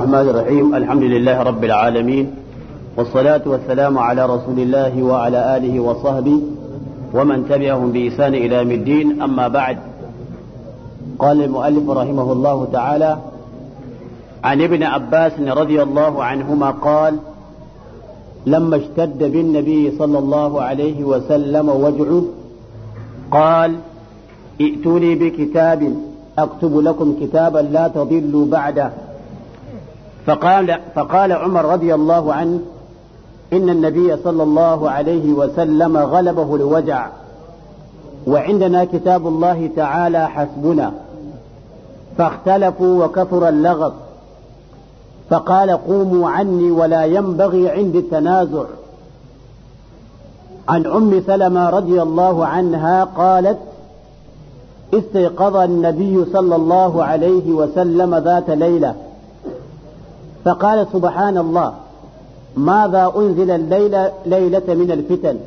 الرحمن الرحيم الحمد لله رب العالمين والصلاة والسلام على رسول الله وعلى آله وصحبه ومن تبعهم بإحسان إلى يوم الدين أما بعد قال المؤلف رحمه الله تعالى عن ابن عباس رضي الله عنهما قال لما اشتد بالنبي صلى الله عليه وسلم وجعه قال ائتوني بكتاب أكتب لكم كتابا لا تضلوا بعده فقال, فقال عمر رضي الله عنه إن النبي صلى الله عليه وسلم غلبه الوجع وعندنا كتاب الله تعالى حسبنا فاختلفوا وكثر اللغط فقال قوموا عني ولا ينبغي عندي التنازع عن ام سلمه رضي الله عنها قالت استيقظ النبي صلى الله عليه وسلم ذات ليله فقال سبحان الله ماذا أنزل الليلة ليلة من الفتن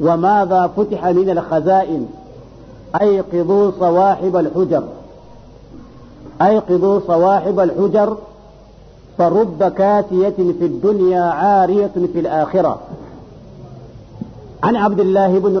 وماذا فتح من الخزائن أيقظوا صواحب الحجر أيقظوا صواحب الحجر فرب كاتية في الدنيا عارية في الآخرة عن عبد الله بن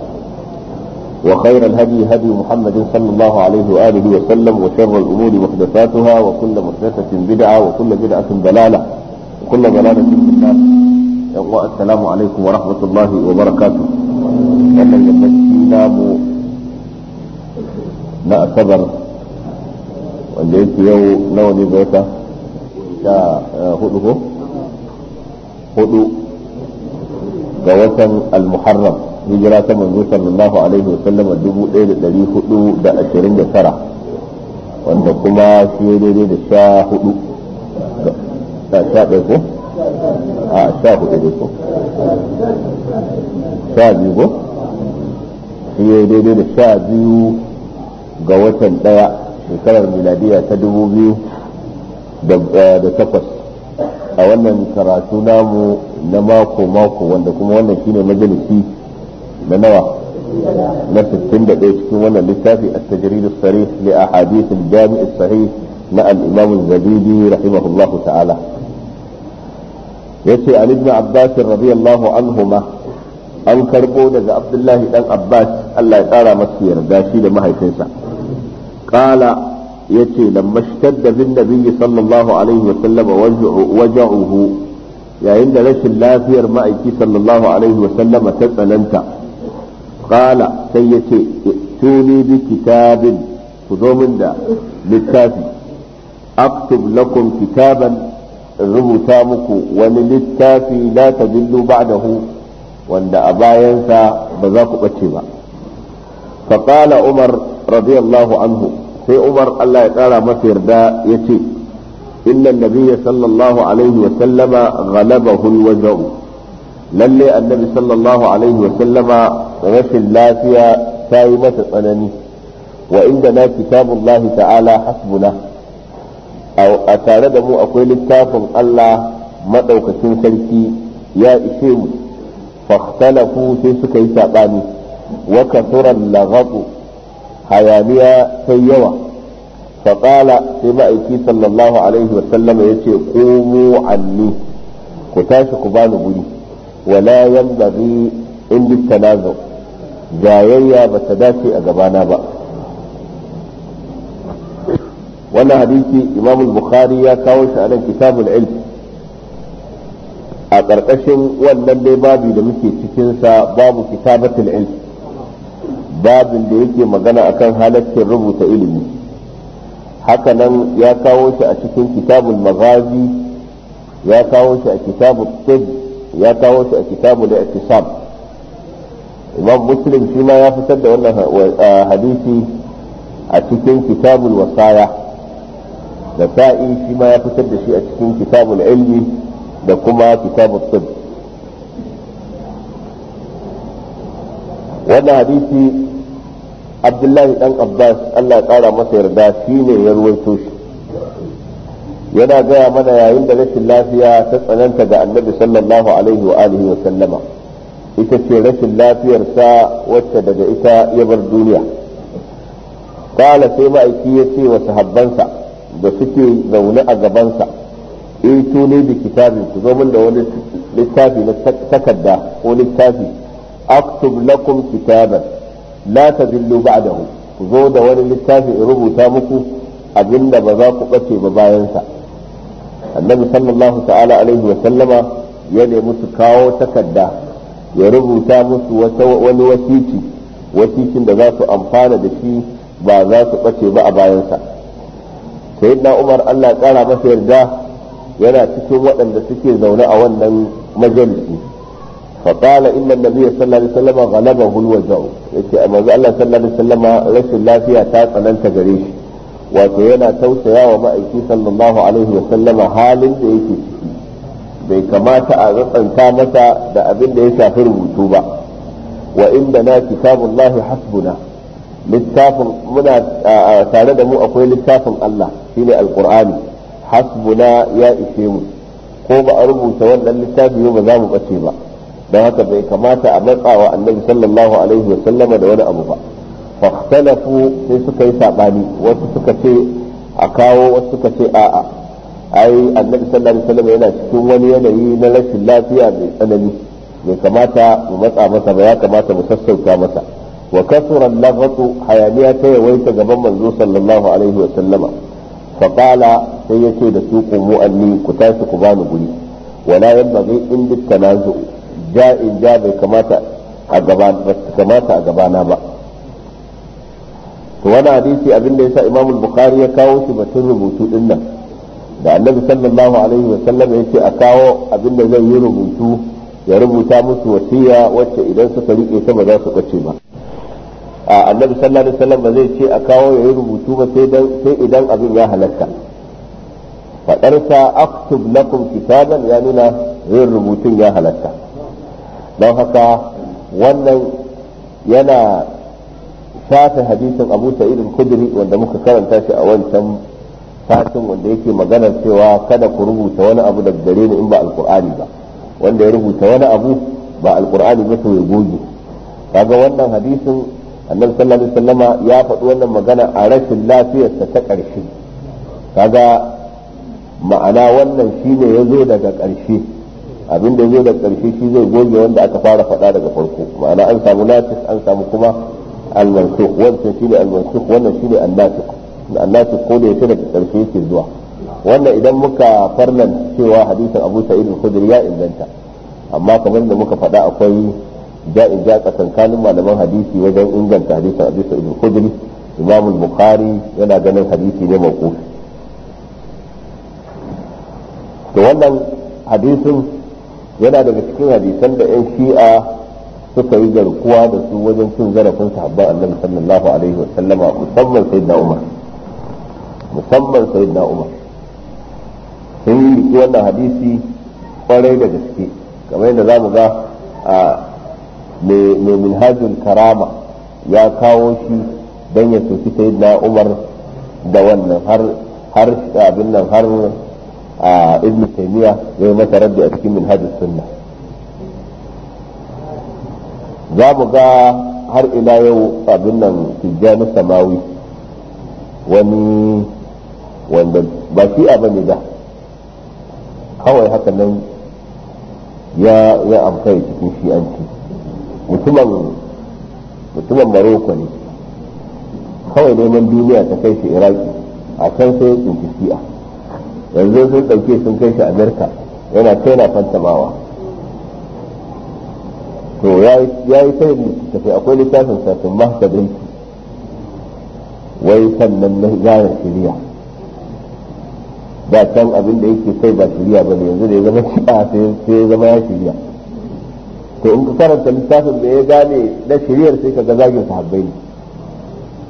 وخير الهدي هدي محمد صلى الله عليه وآله وسلم وشر الأمور محدثاتها وكل محدثة بدعة وكل بدعة ضلالة وكل ضلالة في النار السلام عليكم ورحمة الله وبركاته أنا yammaci namu na asabar wanda يوم yau بيتا ne ga wata المحرم hijira ta manzo sallallahu alaihi wa sallam 1429 wanda kuma shi ya daidai da sha hudu da sha ɗaya ko a sha hudu da ko sha biyu ko shi ya daidai da sha biyu ga watan ɗaya shekarar miladiya ta dubu biyu da eh, takwas a wannan karatu namu na mako-mako wanda kuma wannan shine majalisi na nawa na 61 cikin wannan littafi a tajrid sari sarih li ahadith al-jami' as na al-imam az rahimahullahu ta'ala yace an ibn abbas radiyallahu anhuma an karbo daga abdullahi dan abbas Allah ya tsara masu yarda shi da mahaifinsa qala yace lamma ishtadda bin nabiyyi sallallahu alaihi wa sallam waj'uhu yayin da rashin lafiyar ma'aiki sallallahu alaihi wa sallama ta tsananta qala sai yace tuni bi kitabin ku zo min da littafi aktub lakum kitaban rubuta maku wani littafi la tadillu ba'dahu wanda a bayansa ba za ku bace ba فقال umar رضي anhu sai umar Allah ya tsara masa yarda ya ce inna nabiyya sallallahu alaihi wa sallama ghalaba hulwajahu lalle annabi sallallahu alaihi wasallama rashin lafiya ta yi mata tsanani wa inda na kitabullahi ta'ala hasbuna a tare da mu akwai littafin Allah maɗaukacin sarki ya ishe mu fahtalafu sai suka yi saɓani wa kasuran laghabu hayaniya sai yawa faƙala sai ma'aiki sallallahu alaihi wasallama ya ce komo anni ku tashi ku bani guri ولا ينبغي عند التنازع جايية بتدافي أجبانا بقى wannan hadisi imam bukhari ya kawo shi a nan kitabul ilm a ƙarƙashin wannan dai babu da muke cikinsa babu kitabatul ilm babin da yake magana akan halaccin rubuta ilimi hakanan ya kawo shi a cikin kitabul magazi ya kawo shi a kitabul tibb ya kawo su a kitabu da iktisam imam muslim shi ma ya fitar da wannan hadisi a cikin kitabul wasaya da sa'i shi ma ya fitar da shi a cikin kitabul ilmi da kuma kitabul sib wannan hadisi abdullahi dan abbas allah ya kara masa yarda shi ne ya ruwaito shi yana gaya mana yayin da rashin lafiya ta tsananta ga annabi sallallahu alaihi wa alihi wa sallama ita ce rashin lafiyarsa wacce daga ita ya bar duniya kala sai ma'aiki ya ce wa sahabbansa da suke zaune a gabansa in tuni da kitabin ku zo da wani littafi na takarda ko littafi aktub lakum kitaban la tadillu ba'dahu ku zo da wani littafi in rubuta muku abinda ba za ku bace ba bayansa annabi sallallahu ta'ala alaihi wa sallama ya nemi su kawo takarda ya rubuta musu wani wasici wasicin da za su amfana da shi ba za su bace ba a bayansa sai na umar allah kara masa yarda yana cikin waɗanda suke zaune a wannan majalisi faƙala إن النبي صلى الله عليه وسلم غلبه الوجع يتي أما الله صلى الله عليه وسلم رسل الله فيها تاتا لن wato yana tausaya wa ma'aiki sallallahu alaihi wa sallama halin da yake ciki bai kamata a ratsanta masa da abin da ya shafi rubutu ba wa inda na kitabullahi hasbuna littafin muna tare da mu akwai littafin Allah shine alqur'ani hasbuna ya ishe mu ko ba a rubuta wannan littafi ba za mu bace ba don haka bai kamata a matsawa annabi sallallahu alaihi wa sallama da wani abu ba fahtalafu sai suka yi saɓani wasu suka ce a kawo wasu suka ce a'a ai annabi sallallahu alaihi yana cikin wani yanayi na rashin lafiya mai tsanani mai kamata mu matsa masa ba ya kamata mu sassauta masa wa kasura lafatu hayaniya ta yawaita gaban manzo sallallahu alaihi wasallama fa qala sai yace da su qumu anni ku tashi ku bani guri wala yanbaghi in bit tanazu ja'in ja bai kamata a kamata a gabana ba to wani hadisi da yasa imamul bukhari ya kawo shi batun rubutu din nan da annabi sallallahu alaihi wa sallam yace a kawo abin da zai yi rubutu ya rubuta musu wasiya wacce idan suka rike ta ba za su kace ba a annabi sallallahu alaihi sallam ba zai ce a kawo ya yi rubutu ba sai dan sai idan abin ya halarta. fadarsa aktub lakum kitaban ya nuna yin rubutun ya halarta. don haka wannan yana shafe hadisin abu sa'id al-khudri wanda muka karanta shi a wancan satin wanda yake maganar cewa kada ku rubuta wani abu da gare ni in ba alqur'ani ba wanda ya rubuta wani abu ba alqur'ani ba to ya goge kaga wannan hadisin annabi sallallahu alaihi wasallama ya faɗi wannan magana a rashin lafiyarsa ta ƙarshe kaga ma'ana wannan shine ya zo daga ƙarshe abinda da ya zo daga ƙarshe shi zai goge wanda aka fara faɗa daga farko ma'ana an samu lafiya an samu kuma al-mansukh wannan shine al wannan shine an-nasikh ko da yake daga karshe yake zuwa wannan idan muka farlan cewa hadisin Abu Sa'id al ya inganta amma kamar da muka faɗa akwai ja'in ja tsakankanin malaman hadisi wajen inganta hadisin Abu Sa'id al bukhari yana ganin hadisi ne mawquf to wannan hadisin yana daga cikin hadisan da 'yan shi'a suka yi garkuwa da su wajen cin zarafin sahabban annabi sallallahu alaihi wa sallama musamman sayyidina umar musamman sayyidina umar sun yi riki wannan hadisi kwarai da gaske kamar yadda za mu ga a mai minhajul karama ya kawo shi don ya soki sayyidina umar da wannan har har abin nan har ibn taymiya ya yi masa rabbi a cikin minhajul sunna za mu ga har ila yau abin nan tijjani samawi wani wanda ba shi a bane da kawai haka nan ya ya amfani cikin shi'anci mutumin mutumin maroko ne kawai neman duniya ta kai shi iraki a can sai ya tsinci shi'a yanzu sun ɗauke sun kai shi amerika yana kai na fantamawa to ya yi sai tafi akwai littafin safin mahtabin wai sannan na gane shirya ba can abin da yake kai ba shirya ba ne yanzu da ya zama shi'a sai ya zama ya shirya to in ka karanta littafin da ya gane na shiryar sai ka ga zagin sahabbai ne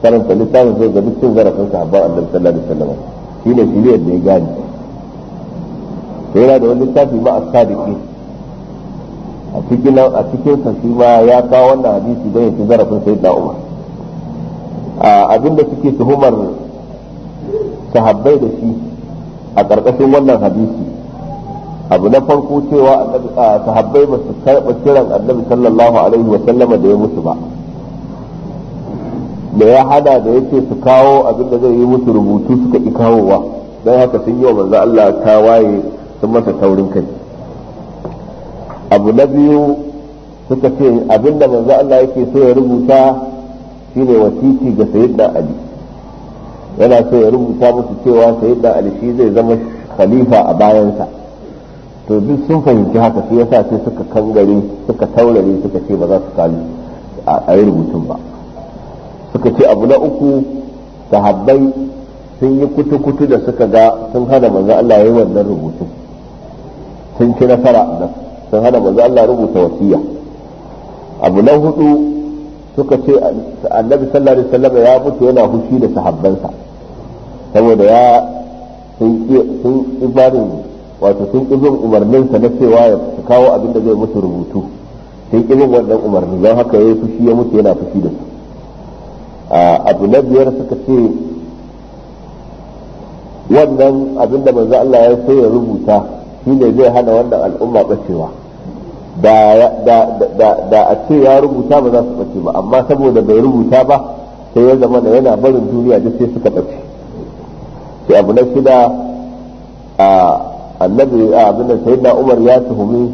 karanta littafin sai ga dukkan zarafin sahabban annabi sallallahu alaihi wasallam shine shiryar da ya gane to yana da wani littafi ba as a cikin a cikin sa shi ma ya kawo wannan hadisi don ya ci zarafin saida Umar abinda suke tuhumar sahabbai da shi a ƙarƙashin wannan hadisi abu na farko cewa sahabbai ba su kiran annabi sallallahu alaihi wa sallama da ya mutu ba da ya hada da yake su kawo abinda zai yi musu rubutu suka ikawowa kawowa don haka sun yi wa manzo Allah waye sun masa taurin kai abu na biyu suka ce abinda manzo Allah yake so ya rubuta shine wasiki ga sayyidina ali yana so ya rubuta musu cewa sayyidina ali shi zai zama khalifa a bayansa to duk sun fahimci haka sai yasa sai suka kangare suka taurare suka ce ba za su kalu a yi rubutun ba suka ce abu na uku sahabbai sun yi kutu-kutu da suka ga sun hana manzo Allah ya yi wannan rubutun sun ci nasara sun hana manzo Allah rubuta wasiya abu na hudu suka ce annabi sallallahu alaihi wasallam ya mutu yana fushi da sahabbansa saboda ya sun ibarin wato sun ƙi umarninsa na cewa ya kawo abin da zai mutu rubutu sun ƙi wannan umarni don haka ya yi fushi ya mutu yana fushi da su abu na biyar suka ce wannan abin da manzo Allah ya sai ya rubuta shi ne zai hana wannan al'umma bacewa da a ce ya rubuta ba za su ɓace ba amma saboda bai rubuta ba sai ya zama da yana barin duniya duk sai suka ɓace sai abu na shida a annabi a abin da sayyidina umar ya tuhumi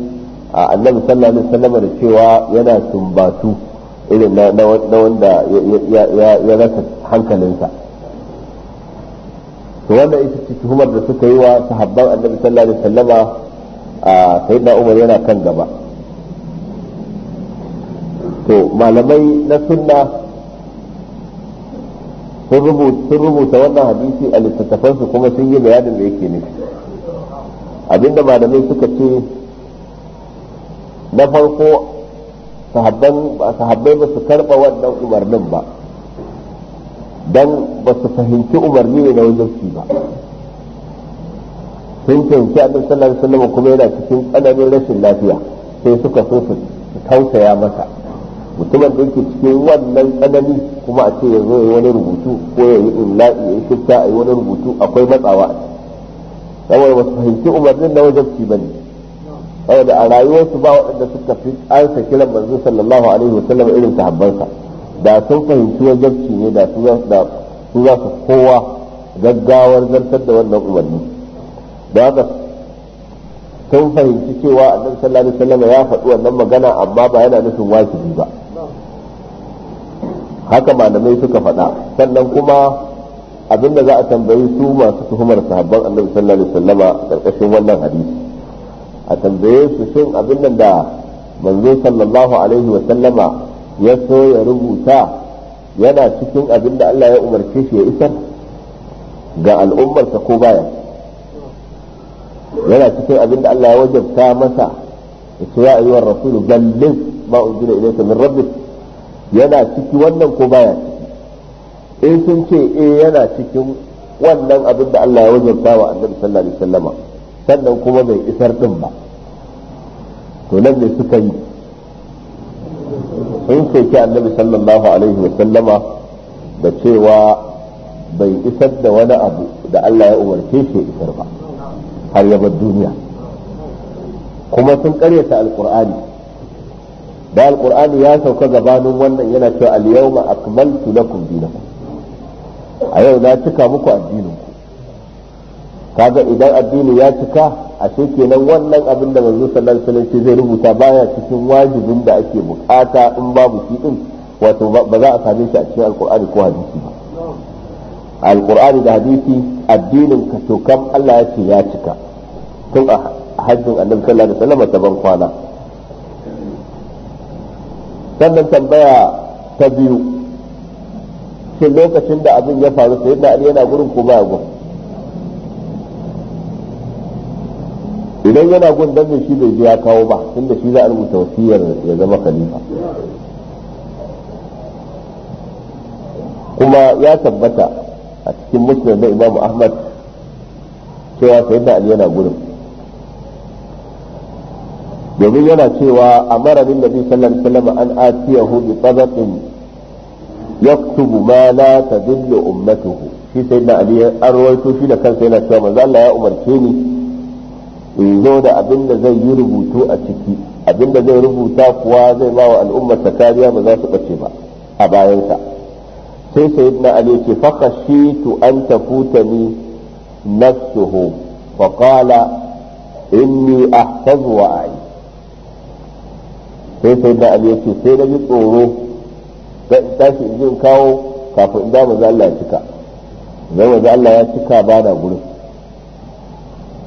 a annabi sallallahu alaihi wasallam da cewa yana sumbatu irin na wanda ya rasa hankalinsa to wannan ita ce tuhumar da suka yi wa sahabban annabi sallallahu alaihi wasallama a sayyidina umar yana kan gaba to malamai na sunna sun rubuta wannan hadisi a littattafansu kuma sun yi bayanin da yake ne abinda malamai suka ce na farko sahabbai ba su karɓa wannan umarnin ba don ba su fahimci umarni ne na wajen ba sun fahimci abin sallar salama kuma yana cikin tsananin rashin lafiya sai suka so su tausaya masa mutumin da yake cikin wannan tsanani kuma a ce ya zo ya wani rubutu ko ya yi imla'i ya yi shifta a yi wani rubutu akwai matsawa saboda wasu fahimci umarnin na wajabci ba ne saboda a rayuwarsu ba waɗanda suka fi ansa kiran manzo sallallahu alaihi wa sallam irin sahabbansa da sun fahimci wajabci ne da su za su kowa gaggawar zartar da wannan umarni da haka sun fahimci cewa annabi sallallahu alaihi wasallam ya faɗi wannan magana amma ba yana nufin wajibi ba haka malamai suka faɗa sannan kuma abinda za a tambayi su masu tuhumar sahabban annabi sallallahu alaihi wasallama karkashin wannan hadisi a tambaye su shin abin nan da manzo sallallahu alaihi wasallama ya so ya rubuta yana cikin abin da Allah ya umarce shi ya isar ga al'ummarsa ko baya yana cikin abin da Allah ya wajabta masa ya ce ya ayyuhar rasulu ballin ma unzila ilayka min rabbik yana ciki wannan ko baya ciki in sun ce eh yana cikin wannan abin da Allah ya wajabta wa annabi sallallahu alaihi sannan kuma bai isar din ba to nan ne suka yi in soki annabi sallallahu alaihi wasallama da cewa bai isar da wani abu da Allah ya umarce shi isar ba har ya bar duniya kuma sun karyata alkur'ani da alqur'ani ya sauka gabanin wannan yana cewa al-yawma akmaltu lakum dinakum a yau na cika muku addinin ku kaga idan addini ya cika a kenan wannan abin da manzo sallallahu alaihi wasallam zai rubuta baya cikin wajibin da ake bukata in babu shi din wato ba za a same shi a cikin alqur'ani ko hadisi ba alqur'ani da hadisi addinin ka to kam Allah ya ce ya cika tun a hajjin annabi sallallahu alaihi wasallam ta ban kwana sannan tambaya ta biyu shin lokacin da abin ya faru sai da yana gurin ko baya gun idan yana gun dan shi bai je ya kawo ba tunda shi za a rubuta wasiyar ya zama khalifa kuma ya tabbata a cikin muslim da imam ahmad cewa sai da yana gurin domin yana cewa a mararin nabi sallallahu alaihi an atiyahu bi tabaqin yaktubu ma la tadillu ummatuhu shi sai da ali an rawaito shi da kansa yana cewa manzo Allah ya umarce ni in zo da abin da zai yi rubutu a ciki abin da zai rubuta kuwa zai ba wa al'ummar ta kariya ba za su bace ba a bayansa sai sayyidina ali ya ce fa khashitu an tafutani nafsuhu fa qala inni ahfazu wa sai sai da ali yace sai da ji tsoro tashi in in kawo kafin in mu za Allah ya cika zai manzo Allah ya cika ba da gurin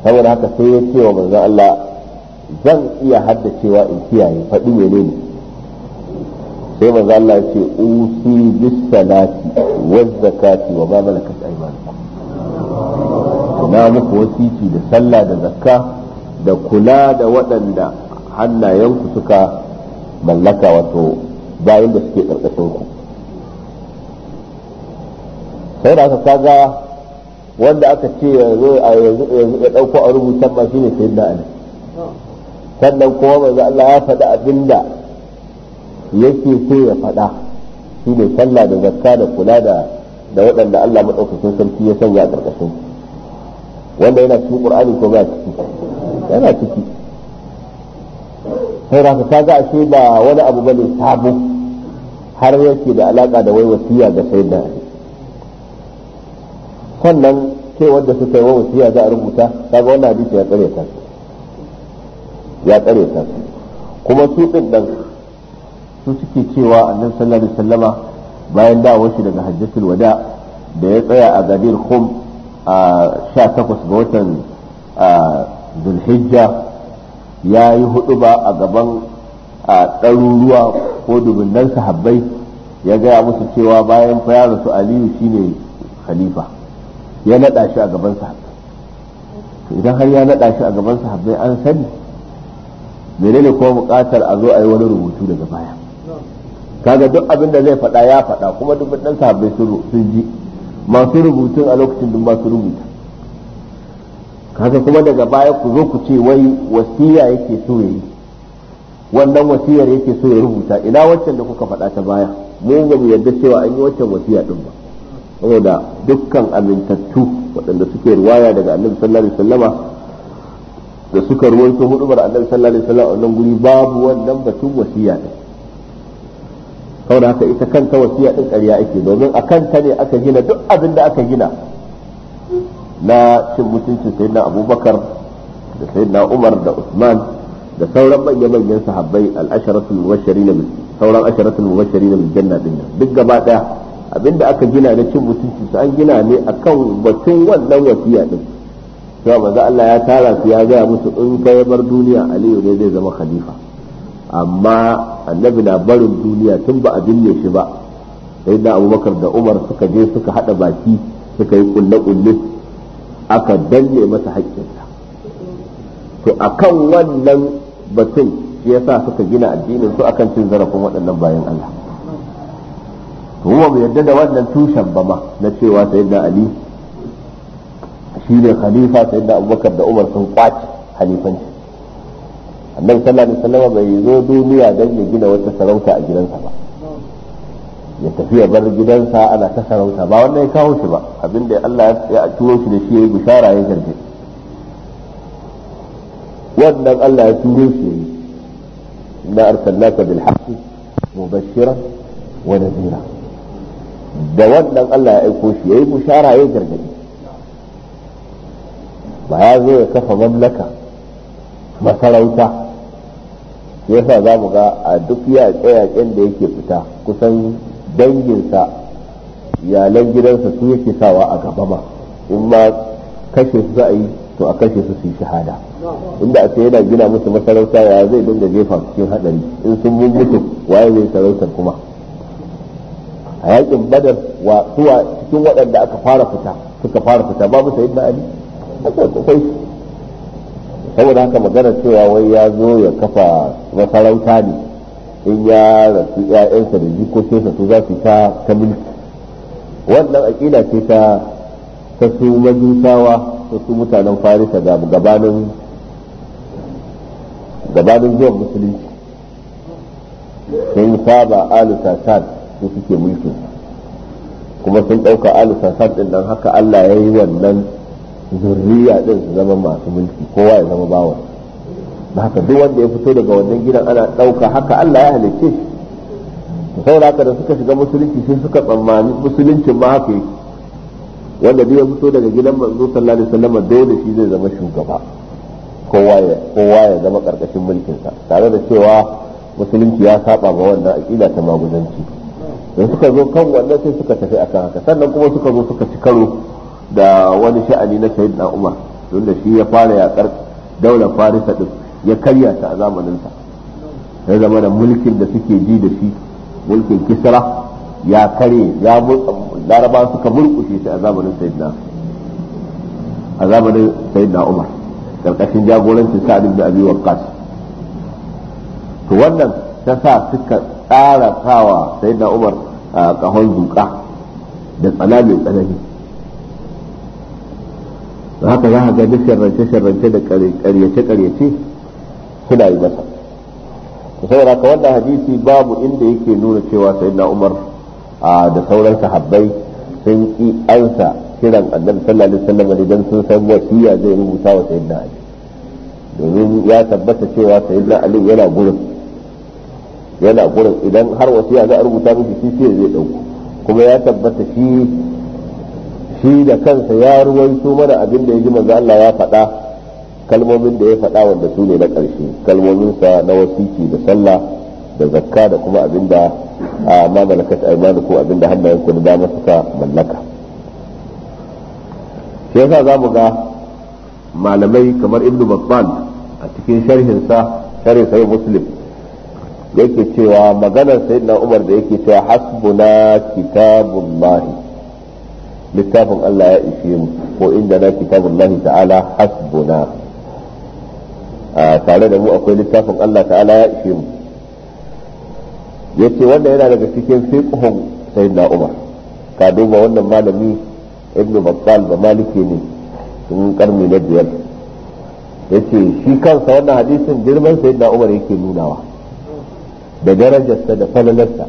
saboda haka sai ya ce wa manzo Allah zan iya haddacewa in kiyaye faɗi ne sai manzo Allah ya ce usi bis salati wa zakati wa ma malakat aymanukum na muku wasici da sallah da zakka da kula da waɗanda hannayenku suka mallaka wato bayan da suke karkashin ku sai da aka kaga wanda aka ce yanzu a yanzu ya dauko a rubutan ma shine da ali sannan kuma manzo Allah ya faɗi abinda yake so ya faɗa shine sallah da zakka da kula da da waɗanda Allah madaukakin sarki ya sanya a karkashin wanda yana cikin qur'ani ko ba ciki yana ciki sai za ta ashe ba wani abu bane sabo har yake da alaka da wai wasiya ga sai da sannan ke wanda suka yi wa wasiya za a rubuta kaga wannan hadisi ya tsare ta ya tsare ta kuma su din nan su suke cewa annabi sallallahu alaihi wasallama bayan dawo shi daga hajjatul wada da ya tsaya a gadir khum a 18 ga watan zulhijja ya yi hudu ba a gaban a ɗaruruwa ko dubunnan sahabbai ya gaya musu cewa bayan fa ya rasu aliyu shine khalifa ya naɗa shi a gaban sahabbai idan har ya naɗa shi a gaban sahabbai an sani menene kuma buƙatar a zo a yi wani rubutu daga baya kaga duk abin da zai faɗa ya faɗa kuma duk sahabbai sun ji masu rubutun a lokacin dun ba su rubuta kaga kuma daga baya ku zo ku ce wai wasiya yake so ya yi wannan wasiyar yake so ya rubuta ina waccan da kuka faɗa ta baya mu ba mu yarda cewa an yi waccan wasiya din ba saboda dukkan amintattu waɗanda suke ruwaya daga annabi sallallahu alaihi wasallama da suka ruwaito bar annabi sallallahu alaihi wasallama a wannan guri babu wannan batun wasiya din saboda haka ita kanta wasiya din ƙarya ake domin a kanta ne aka gina duk abin da aka gina na cin mutuncin na abubakar da na umar da usman da sauran manya-manyan sahabbai al-asharatul mubashirin sauran asharatul mubashirin bil janna din duk gaba daya abinda aka gina na cin mutuncin su an gina ne akan batun wannan wasiya din to manzo Allah ya tara su ya gaya musu in kai bar duniya aliyu ne zai zama khalifa amma annabi na barin duniya tun ba a binne shi ba sai da abubakar da umar suka je suka hada baki suka yi kulle-kulle aka danne masa haƙƙinsa to akan wannan batun shi yasa suka gina addinin su akan cin zarafin waɗannan bayan Allah to mu yadda da wannan tushen ba ma na cewa da Ali shi ne khalifa da Abubakar da Umar sun kwace halifanci annabi sallallahu alaihi wasallam bai zo duniya dan ya gina wata sarauta a gidansa ba ya tafi ya bar gidansa ana ta sarauta ba wanda ya kawo shi ba abinda Allah ya turo shi da shi ya yi bishara ya zarge wannan Allah ya turo shi ya yi na arsalnaka bil haqqi mubashshira wa nadhira da wannan Allah ya aiko shi ya yi bishara ya gargadi ba ya zo ya kafa mamlaka masarauta ya sa za mu ga a duk yaƙe-yaƙen da yake fita kusan danginsa iyalan gidansa su yake sawa a gaba ma in ma kashe su za a yi to a kashe su su yi shahada inda a ce yana gina musu masarauta ya zai dinga jefa cikin hadari in sun yi mutu waye zai sarautar kuma a yakin badar wa suwa cikin waɗanda aka fara fita suka fara fita babu sayyid yin ali akwai saboda haka maganar cewa wai ya zo ya kafa masarauta ne in ya rasu 'ya'yansa da jikokinsa su za su ta ta mulki wannan aƙila ce ta ta su majusawa ta su mutanen farisa ga gabanin gabanin zuwan musulunci sun saba alu su suke mulkin kuma sun ɗauka alu sasad ɗin nan haka Allah ya yi wannan zurriya ɗin su zama masu mulki kowa ya zama bawansa da haka duk wanda ya fito daga wannan gidan ana ɗauka haka Allah ya halicce shi saboda haka da suka shiga musulunci sai suka tsammani musuluncin ma haka yake wanda duk ya fito daga gidan manzo sallallahu alaihi wasallam dole shi zai zama shugaba kowa ya kowa ya zama karkashin mulkin sa tare da cewa musulunci ya saba ma wannan aqida ta maguzanci da suka zo kan wannan sai suka tafi akan haka sannan kuma suka zo suka ci karo da wani sha'ani na sayyidina Umar don da shi ya fara yakar daular Farisa din ya karya ta a zamaninsa ya zama da mulkin da suke ji da shi mulkin kisra ya kare ya laraba suka murkushe shi a zamanin sayyidina a zamanin sayyidina umar karkashin jagorancin sa'ad ibn abi waqqas to wannan ta sa suka tsara kawa sayyidina umar a kahon zuka da tsana mai tsanani haka za a ga duk sharrance-sharrance da karyace-karyace suna yi masa saboda ka wannan hadisi babu inda yake nuna cewa na Umar da sauran sahabbai sun ki ansa kiran annabi sallallahu alaihi wasallam dan sun san wasiya zai rubuta wa sayyidina Ali domin ya tabbata cewa sayyidina Ali yana gurin yana gurin idan har wasiya za a rubuta miki shi sai zai dauko kuma ya tabbata shi shi da kansa ya ruwaito mana abin da ya ji manzo Allah ya faɗa kalmomin da ya faɗa wanda su ne na ƙarshe kalmominsa na wasiki da sallah da zakka da kuma abinda a ma a imanin ko abinda hannayenku na dama suka mallaka shi yasa za mu ga malamai kamar ibnu babban a cikin sharhinsa sharhin sahih muslim yake cewa maganar sayyidina umar da yake cewa hasbuna kitabullahi littafin Allah ya ishe mu ko inda na kitabullahi ta'ala hasbuna tare da mu akwai littafin Allah ta'ala ya ishe mu yace wanda yana daga cikin fiqhun sayyidina Umar ka duba wannan malami ibn Battal ba maliki ne tun karni na biyar yace shi kansa wannan hadisin girman sayyidina Umar yake nunawa da darajarsa da falalarsa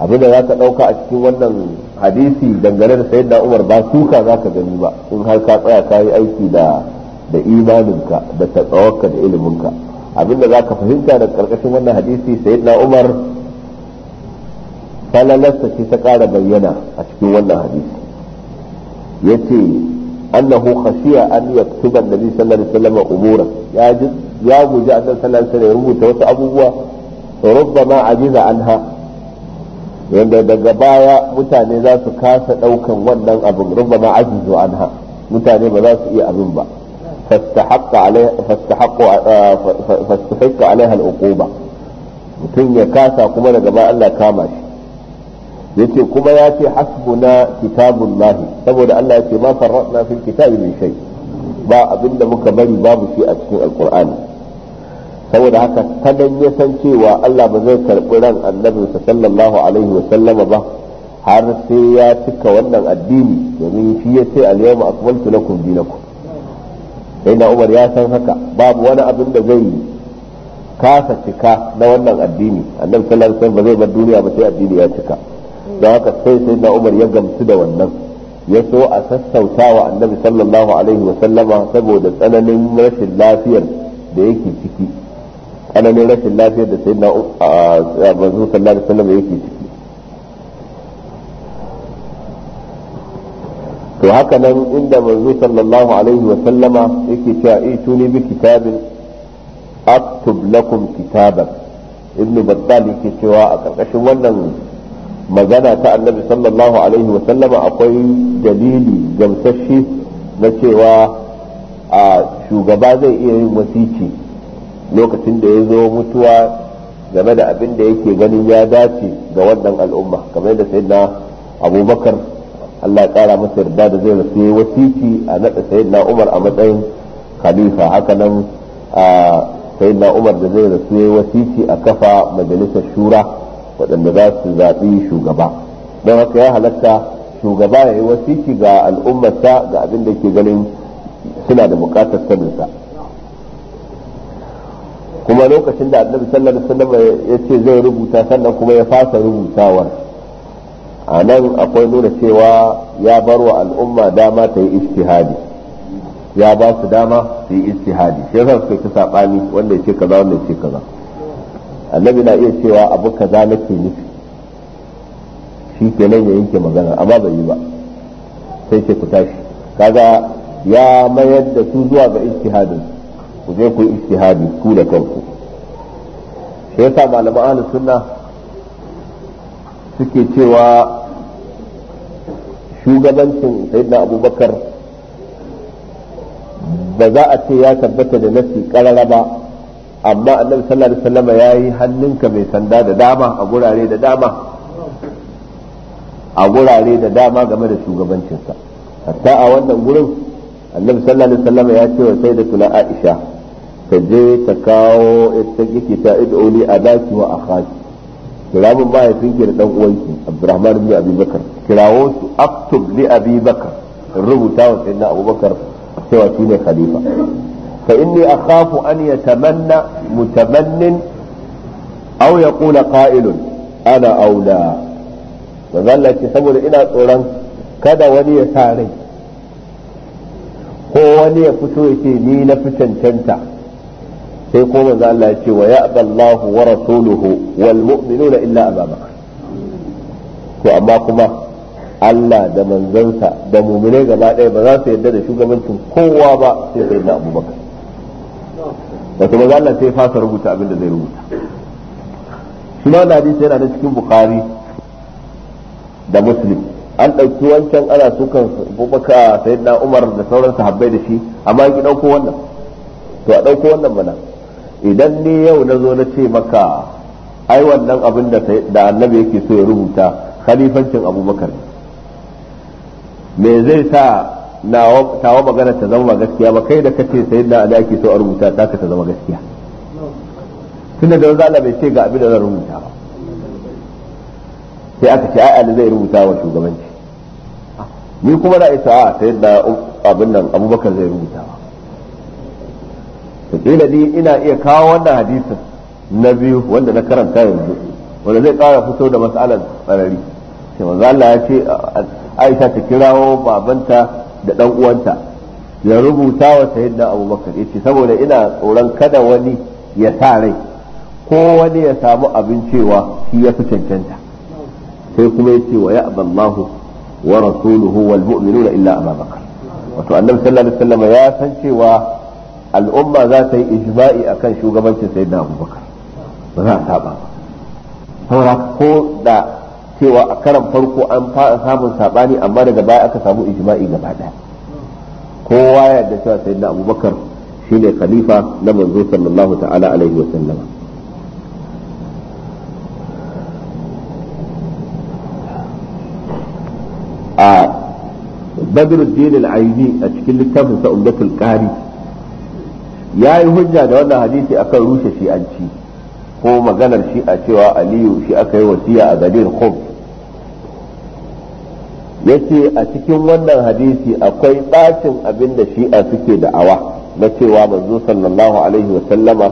abin da za ka ɗauka a cikin wannan hadisi dangane da sayyidina Umar ba suka za ka gani ba in har ka tsaya kayi aiki da da imaninka da taƙawarka da iliminka abinda za ka fahimta da karkashin wannan hadisi sayyidina umar falalarsa ce ta ƙara bayyana a cikin wannan hadisi ya ce annahu khashiya an yaktuba annabi sallallahu alaihi wasallam umura ya ji ya guji annabi sallallahu alaihi wasallam rubuta wasu abubuwa rubbama ajiza anha wanda daga baya mutane za su kasa daukan wannan abin rubbama ajizu anha mutane ba za su iya abin ba فاستحق عليه فاستحق فاستحق عليها العقوبة mutum ya kasa kuma da ba Allah kama shi yace kuma ya ce hasbuna kitabullah saboda Allah ya ce ma farratna fil kitabi min shai ba abinda muka bari babu shi a cikin alkur'ani saboda haka kadan ya san cewa Allah ba zai karɓi ran annabinsa sallallahu alaihi wa sallama ba har sai ya cika wannan addini domin shi yace al-yawma akmaltu lakum dinakum sai na umar ya san haka babu wani abin da zai kasa cika na wannan addini annabi sallallahu alaihi wasallam ba zai bar duniya ba sai addini ya cika don haka sai sai na umar ya gamsu da wannan ya so a sassauta wa annabi sallallahu alaihi wasallama saboda tsananin rashin lafiyar da yake ciki tsananin rashin lafiyar da sai na umar sallallahu alaihi wasallam yake ciki haka nan inda manzo sallallahu alaihi wa sallama yake cewa ituni bi kitabin aktub lakum kitaban ibnu battal yake cewa a karkashin wannan magana ta annabi sallallahu alaihi wa sallama akwai dalili gamsashi na cewa a shugaba zai iya yin wasiki lokacin da ya zo mutuwa game da abin da yake ganin ya dace ga wannan al'umma kamar da sayyidina abubakar Allah ya kara masa yarda da zai rasu wasiki a nada sayyidina Umar a matsayin khalifa haka nan sayyidina Umar da zai rasu wasiki a kafa majalisar shura waɗanda za su zaɓi shugaba don haka ya halatta shugaba ya yi wasiki ga al'ummarsa ga abin da ke ganin suna da buƙatar saninsa kuma lokacin da annabi sallallahu alaihi wasallam ya ce zai rubuta sannan kuma ya fasa rubutawar a nan akwai nuna cewa ya bar wa al'umma dama ta yi istihadi ya ba su dama su yi istihadi shi yasa suka ta sabani wanda ce kaza wanda ce kaza annabi na iya cewa abu kaza nake nufi shi ke nan ya yanke magana amma bai yi ba sai ce ku tashi kaga ya mayar da su zuwa ga istihadin ku je ku istihadi ku da kanku shi yasa malaman ahlus sunna suke cewa shugabancin sayyidina abubakar ba za a ce ya tabbata da nafi karara ba amma annabi sallallahu alaihi ya yi hannunka mai sanda da dama a gurare da dama a gurare da dama game da shugabancinsa hatta a wannan gurin annabi sallallahu alaihi wasallam ya ce wa sayyidatul aisha ka je ta kawo ita yake ta idoli a daki wa akhaki kiramin ba ya tunke da dan uwanki Abdurrahman ibn Abi Bakar kirawo su aktub li Abi Bakar rubuta wa sayyidina Abubakar cewa shi ne khalifa fa inni akhafu an yatamanna mutamannin aw yaqula qa'ilun ana aula wa zalla ce saboda ina tsoron kada wani ya sa rai ko wani ya fito ya ce ni na fi cancanta sai kuma manzo Allah ya ce wa ya'ba Allah wa rasuluhu wal mu'minuna illa Abu Bakar to amma kuma Allah da manzansa da mu'mine gaba ɗaya ba za su yarda da shugabancin kowa ba sai sai na Abu Bakar wato manzo Allah sai fasa rubuta abin da zai rubuta shi ma da hadisi yana da cikin Bukhari da Muslim an ɗauki wancan ana sukan Abubakar sayyidina Umar da sauran sahabbai da shi amma ki ɗauko wannan to a ɗauko wannan mana idan ni yau na zo na ce maka ai wannan abin da annabi yake so ya rubuta khalifancin abubakar me zai sa tawa magana ta zama gaskiya ba kai da kace sayyidina ali ake so a rubuta ta ka ta zama gaskiya tun da wanzu bai ce ga abin da zan rubuta ba sai aka ce ai ali zai rubuta wa shugabanci ni kuma na isa a sayyidina abin nan abubakar zai rubuta ba to kila ni ina iya kawo wannan hadisin na biyu wanda na karanta yanzu wanda zai kara fito da mas'alar tsarari sai manzo Allah ya ce Aisha ta kirawo babanta da dan uwanta ya rubuta wa sayyidina Abubakar yace saboda ina tsoron kada wani ya sa rai ko wani ya samu abin cewa shi ya fi cancanta sai kuma yace wa ya'ba Allahu wa rasuluhu wal mu'minuna illa Abubakar wato annabi sallallahu alaihi wasallam ya san cewa al'umma za ta yi ijma'i kan shugabancin na abubakar ba za a saba saura ko da cewa a karan farko an fara samun sabani amma daga baya aka samu ijma'i gaba daya kowa ya da cewa na abubakar shine khalifa na manzo sallallahu ta'ala alaihi wa sallama a badruddin al-aini a cikin littafin sa qari ya yi hujja da wannan hadisi akan rushe shi'anci ko maganar shi a cewa aliyu shi aka yi wasiya a garin khum ya ce a cikin wannan hadisi akwai bacin abin da shi'a suke da'awa na cewa manzo sallallahu alaihi wasallama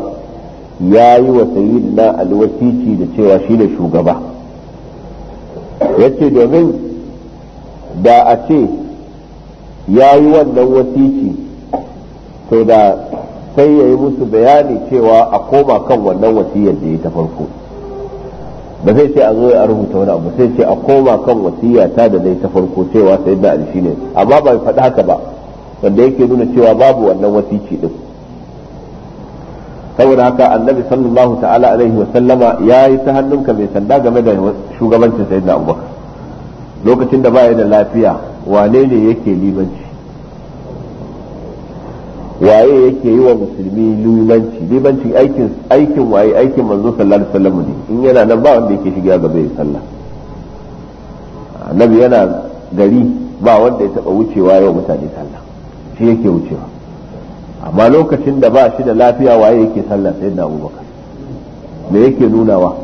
ya yi wa sayyidina alwasici da cewa shi ne shugaba ya ce domin da a ce ya yi wannan wasici to da sai ya yi musu bayani cewa a koma kan wannan wasiyar da ya ta farko ba zai ce a zo ya rubuta wani abu sai ce a koma kan wasiyata ta da zai ta farko cewa sai da alishi ne amma ba faɗi haka ba wanda yake nuna cewa babu wannan wasici din saboda haka annabi sallallahu ta'ala alaihi wa sallama ya yi ta hannunka mai sanda game da shugabancin sayyidina abubakar lokacin da baya da lafiya wane ne yake libanci waye yake yi wa musulmi limanci limanci aikin aikin waye aikin manzo sallallahu alaihi wasallam ne in yana nan ba wanda yake shiga gaba ya sallah annabi yana gari ba wanda ya taba wucewa yau mutane sallah shi yake wucewa amma lokacin da ba shi da lafiya waye yake salla sai da abubakar me yake nunawa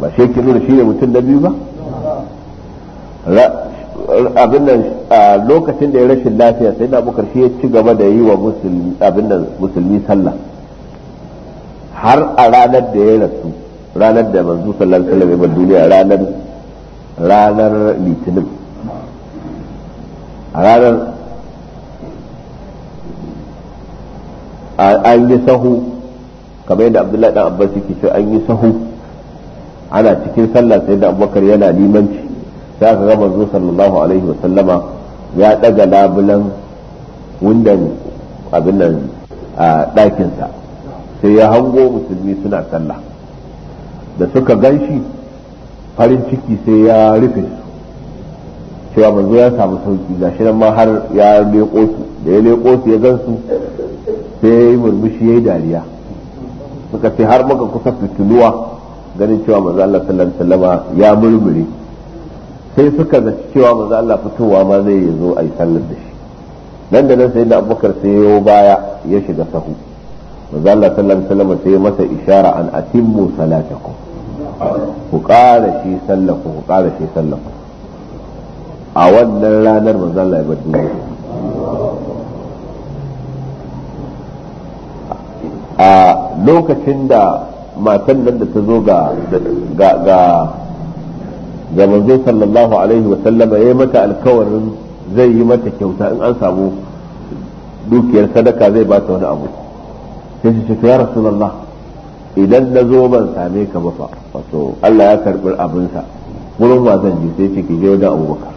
ba shi yake nuna shi ne mutum da biyu ba abin nan a lokacin da ya rashin lafiya sai na bukar shi ya ci gaba da yi wa abin da musulmi sallah har a ranar da ya rasu ranar da manzo sallallahu alaihi wasallam duniya ranar ranar litinin a ranar an yi sahu kamar yadda abdullahi dan abbas yake cewa an yi sahu ana cikin sallah sai da abubakar yana limanci sai aka ga manzo sallallahu alaihi wa sallama ya daga labulan wundan abin nan a ɗakinsa sai ya hango musulmi suna sallah da suka gan shi farin ciki sai ya rufe su cewa manzo ya samu sauki gashi nan ma har ya leƙo su da ya leƙo su ya gan su sai ya yi murmushi ya yi dariya suka ce har muka kusa fitiluwa ganin cewa manzo Allah sallallahu alaihi sallama ya murmure sai suka zaci cewa manzo Allah fitowa ma zai ya zo a yi sallar da shi nan da nan sai da abubakar sai ya baya ya shiga sahu manzo Allah sallallahu alaihi wasallam sai masa ishara an atimmu salatakum ku kara shi sallaku ku kara shi sallaku a wannan ranar manzo Allah ya bar duniya a lokacin da matan nan da ta zo ga da manzo sallallahu alaihi wa sallama yayi mata alkawarin zai yi mata kyauta in an samu dukiyar sadaka zai ba ta wani abu sai shi ce ya rasulullah idan na zo ban same ka ba fa wato Allah ya karbi abinsa wurin gurin wa zan je sai ce ki je wajen Abubakar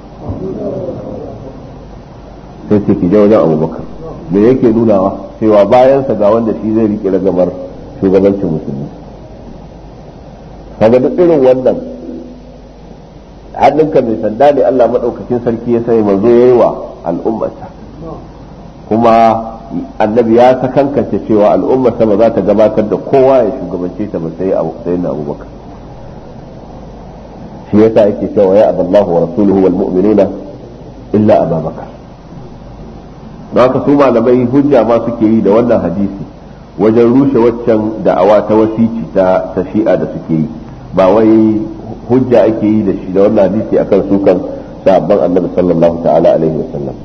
sai ce ki je wajen Abubakar me yake nunawa cewa bayan sa ga wanda shi zai rike ragamar shugabancin musulmi kaga duk irin wannan hannunka mai sanda ne Allah maɗaukakin sarki ya sai manzo ya yi wa al'ummata kuma annabi ya sakankance cewa al'ummarsa ba za ta gabatar da kowa ya shugabance ta ba sai sai na abubakar shi yasa yake cewa ya aballahu wa rasuluhu wal mu'minina illa ababakar don haka su malamai hujja ma suke yi da wannan hadisi wajen rushe waccan da'awa ta wasici ta shi'a da suke yi ba wai hujja ake yi da shi da wannan hadisi akan kan sahabban annabi sallallahu ta'ala alaihi wa sallam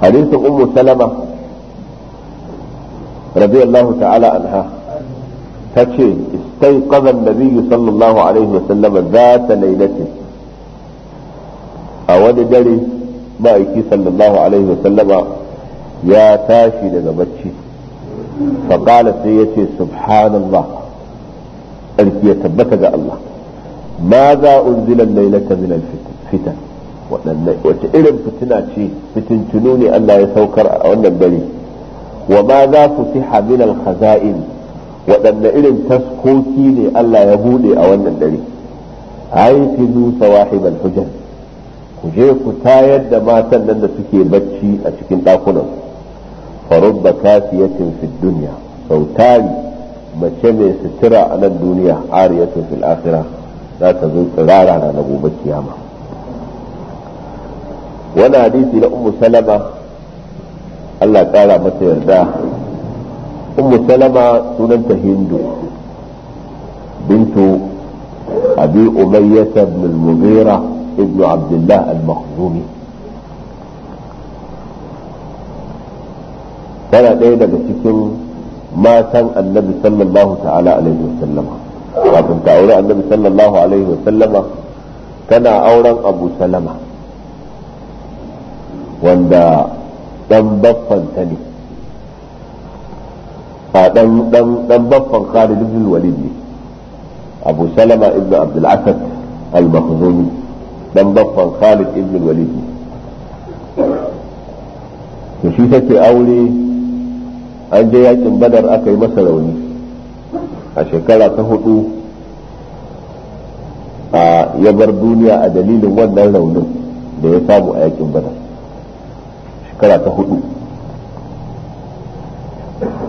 hadisin ummu salama radiyallahu ta'ala anha tace istayqadha an-nabiy sallallahu alaihi wa sallam zata laylatin a wani dare ma'aiki sallallahu alaihi wa sallama ya tashi daga bacci فقال sai yace subhanallah. tsarki ya tabbata ga Allah ma za unzila lailata min alfitan wace irin fitina ce fitintunu ne Allah ya saukar a wannan dare wa ma za futiha min alkhaza'in waɗanne irin taskoki ne Allah ya bude a wannan dare aifizu sawahib alhujan ku je ku tayar da matan nan da suke bacci a cikin ɗakunan farubba kafiyatin fid dunya sautari mace mai sutura a nan duniya ariyatu fil akhirah za ta zo tsirara na gobe kiyama wani hadisi na ummu salama Allah tsara mata yarda ummu salama sunanta hindu bintu abi umayyah ibn al-mughira ibn abdullah al-makhzumi tana ɗaya daga cikin matan annabi sallallahu ta'ala alaihi wasallama kafin ta aure annabi sallallahu alaihi wasallama tana auren abu salama wanda dan ta ne a dan dan dan baffan Khalid ibn Walid ne Abu Salama ibn Abdul Asad al-Makhzumi dan baffan Khalid ibn Walid ne shi take aure an je yakin badar aka yi masa rauni a shekara ta hudu a ya bar duniya a dalilin wannan raunin da ya samu a yakin badar shekara ta hudu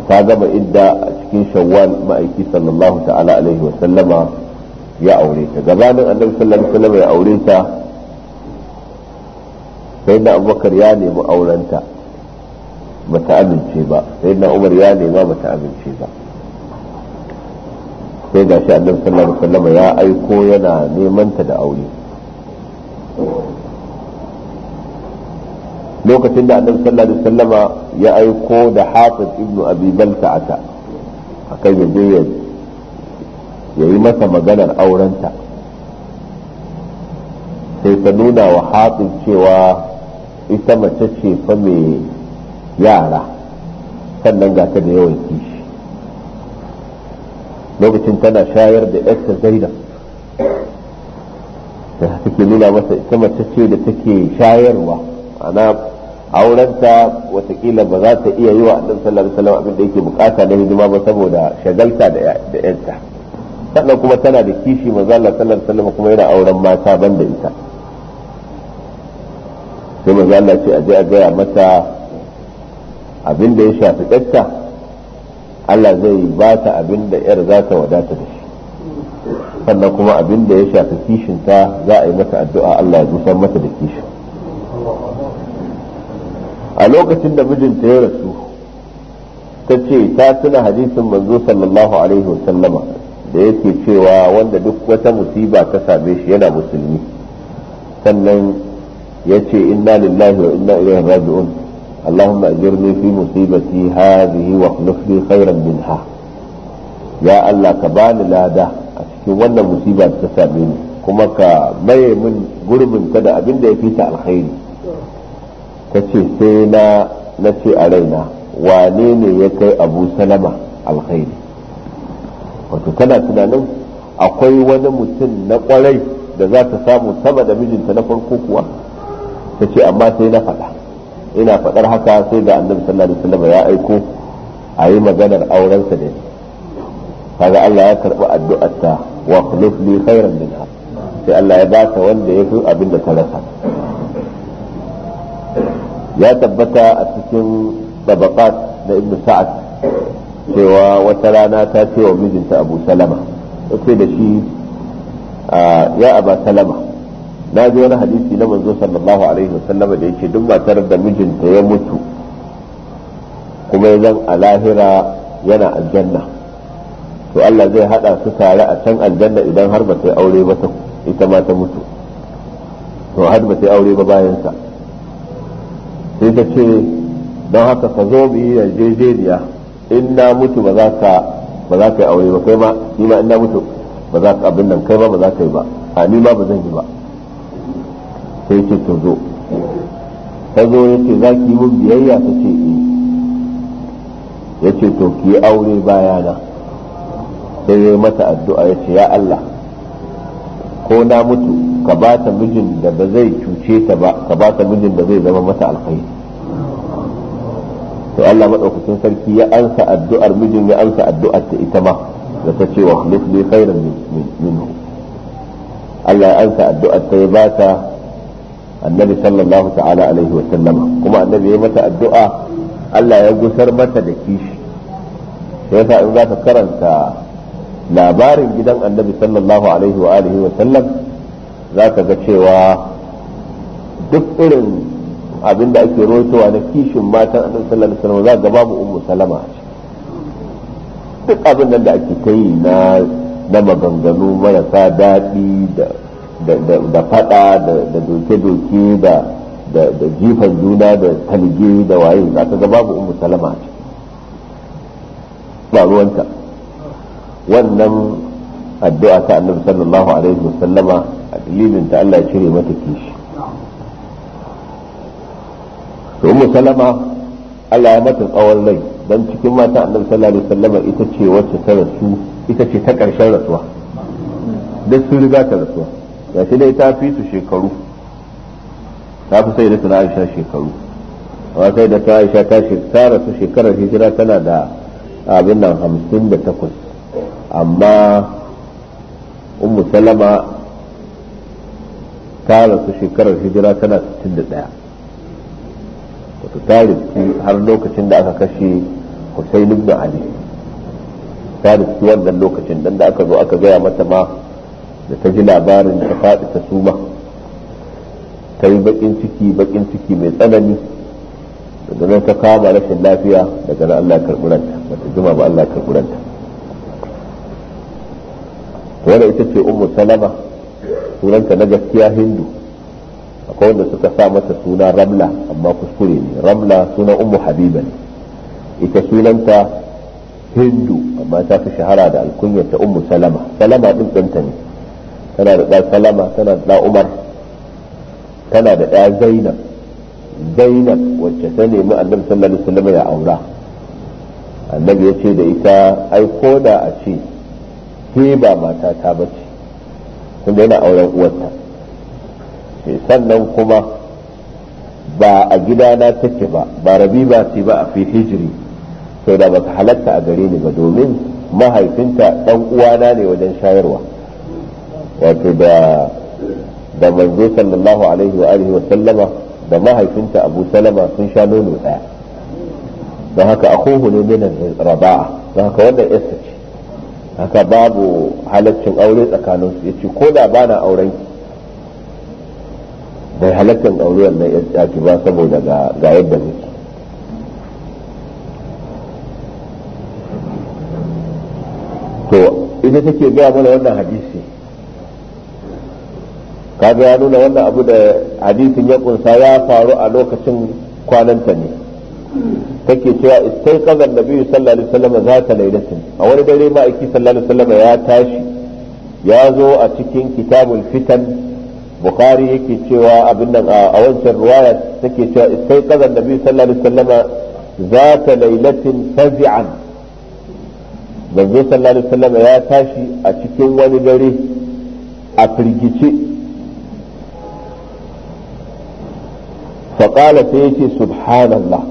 ta gama idda a cikin shawwal ma'aiki sallallahu ta'ala alaihi wasallama ya aure ta gabanin annabi sallallahu alaihi wasallama ya aure ta sai da abubakar ya nemi aurenta bata amince ba sai na umar ya nema bata amince ba sai gashi annabi sallallahu alaihi wasallam ya aiko yana neman ta da aure lokacin da annabi sallallahu alaihi ya aiko da hafiz ibnu abi balta'ata akai da je ya yi masa maganar aurenta sai ta nuna wa hafiz cewa ita mace ce fa mai yara sannan ga ta da yawan kishi lokacin tana shayar da yarta zainab da take nuna masa ita mace ce da take shayarwa ana aurenta watakila ba za ta iya yi wa annabi sallallahu alaihi wasallam abin da yake bukata na hidima ba saboda shagalta da da yarta sannan kuma tana da kishi manzo Allah sallallahu alaihi wasallam kuma yana auren mata banda ita sai manzo Allah ce a je a gaya mata abin da ya shafi ɗanta Allah zai ba ta abin da ‘yar za ta wadata da shi sannan kuma abin da ya shafi kishinta za a yi mata addu'a Allah ya busar mata da kishin a lokacin da mijinta ya rasu ta ce ta tuna hadisin manzo sallallahu alaihi wasallama da yake cewa wanda duk wata musiba ta same shi yana musulmi sannan ya ce inna lillahi wa inna ilaihi raji'un اللهم أجرني في مصيبتي هذه واخلف لي خيرا منها يا الله كبان لا ده أشكي ولا مصيبة تسامين كما كمي من قرب كذا أبين ده فيك الخير تشي سينا نشي علينا وانيني يكي أبو سلمة الخير وتكنا تنانو akwai wani mutum na kwarai da za ta samu sama da mijinta na farko kuwa ta ce amma sai na faɗa ina faɗar haka sai da annabi sallallahu alaihi wasallam ya aiko a yi maganar aurensa da kaga Allah ya karɓi addu'arta wa khuluf li khairan minha sai Allah ya bata wanda ya fi abin da ta rasa ya tabbata a cikin tabaqat na ibnu sa'ad cewa wata rana ta ce wa mijinta abu salama sai da shi ya aba salama na ji wani hadisi na manzo sallallahu alaihi wasallam da yake duk matar da mijinta ya mutu kuma ya zan a lahira yana aljanna to Allah zai hada su tare a can aljanna idan har ba ta yi aure ba ta ita ma ta mutu to har ba ta yi aure ba bayan sa sai ta ce don haka ka zo mu yi yarjejeniya in na mutu ba za ka ba za ka yi aure ba kai ma ni ma in na mutu ba za ka abin nan kai ba ba za ka yi ba a ni ma ba zan yi ba sai ce to zo ta zo ya ce za ki yi min biyayya ta ce eh. ya ce to ki yi aure bayana sai ya mata addu'a ya ce ya Allah ko na mutu ka ba ta mijin da ba zai cuce ta ba ka ba ta mijin da zai zama mata alkhairi sai Allah madaukakin sarki ya ansa addu'ar mijin ya ansa addu'ar ta ita ma da ta ce wa khlif li khairan minhu Allah ya ansa addu'ar ta ya ba ta annabi sallallahu ta'ala alaihi wa sallama kuma annabi ya mata addu'a Allah ya gusar mata da kishi sai yasa in za ka karanta labarin gidan annabi sallallahu alaihi wa alihi wa sallam za ka ga cewa duk irin abin da ake rotowa na kishin matan annabi sallallahu alaihi wa sallam za ga babu ummu salama duk abin nan da ake kai na na maganganu marasa daɗi da da fada da doke-doke da jifan juna da talge da waye za ka ga babu umu salama a ba ruwanta wannan addu'a ta annabi sallallahu alaihi wasallama a dalilin ta Allah ya cire mata kishi to umu salama Allah ya mata tsawon rai don cikin mata annabi sallallahu alaihi wasallama ita ce wacce ta rasu ita ce ta karshen rasuwa duk sun riga ta rasuwa ga shi dai ta fi su shekaru ta fi sai da tana aisha shekaru amma sai da ta aisha ta shekara su shekarar hijira tana da abin nan hamsin da takwas amma ummu salama ta rasu shekarar hijira tana 61 wato ta riski har lokacin da aka kashe Hussein ibn Ali ta riski wannan lokacin dan da aka zo aka gaya mata ma da ta ji labarin ta faɗi ta suma ta yi baƙin ciki baƙin ciki mai tsanani daga nan ta kama rashin lafiya daga nan Allah karɓuranta bata jima ba Allah karɓuranta wadda ita ce ummu salama sunanta na gaskiya hindu akwai wanda suka sa mata suna ramla amma kuskure ne ramla sunan ummu habiba ne ita sunanta hindu amma ta fi shahara da alkunyar ta ummu salama salama ɗin ɗanta ne tana da ɗa salama tana da ɗa umar tana da ɗa zainab zainab wacce ta nemi annabi sallallahu alaihi wasallam ya aura annabi ya ce da ita ai ko da a ce ke ba mata ta bace kun yana auren uwarta sannan kuma ba a gidana take ba ba rabi ba ce ba a fi hijiri sau da baka halatta a gare ni ba domin mahaifinta dan uwana ne wajen shayarwa wato da da manzo sallallahu alaihi wa alihi wa sallama da mahaifinta Abu Salama sun sha nono daya don haka akuhu ne min raba'a don haka wannan yasta ce haka babu halaccin aure tsakanin su ce ko da bana auren bai halaccin aure wannan yasta ki ba saboda ga yadda muke to ita take gaya mana wannan hadisi kaga ya nuna wannan abu da hadisin ya kunsa ya faru a lokacin kwananta ne take cewa da biyu sallallahu alaihi wasallam zata lailatin a wani dare ma aiki sallallahu alaihi wasallam ya tashi ya zo a cikin kitabul fitan bukhari yake cewa abin nan a wancan riwaya take cewa da biyu sallallahu alaihi wasallam zata lailatin fazi'an manzo sallallahu alaihi wasallam ya tashi a cikin wani dare a firgice faƙala sai yake subhanallah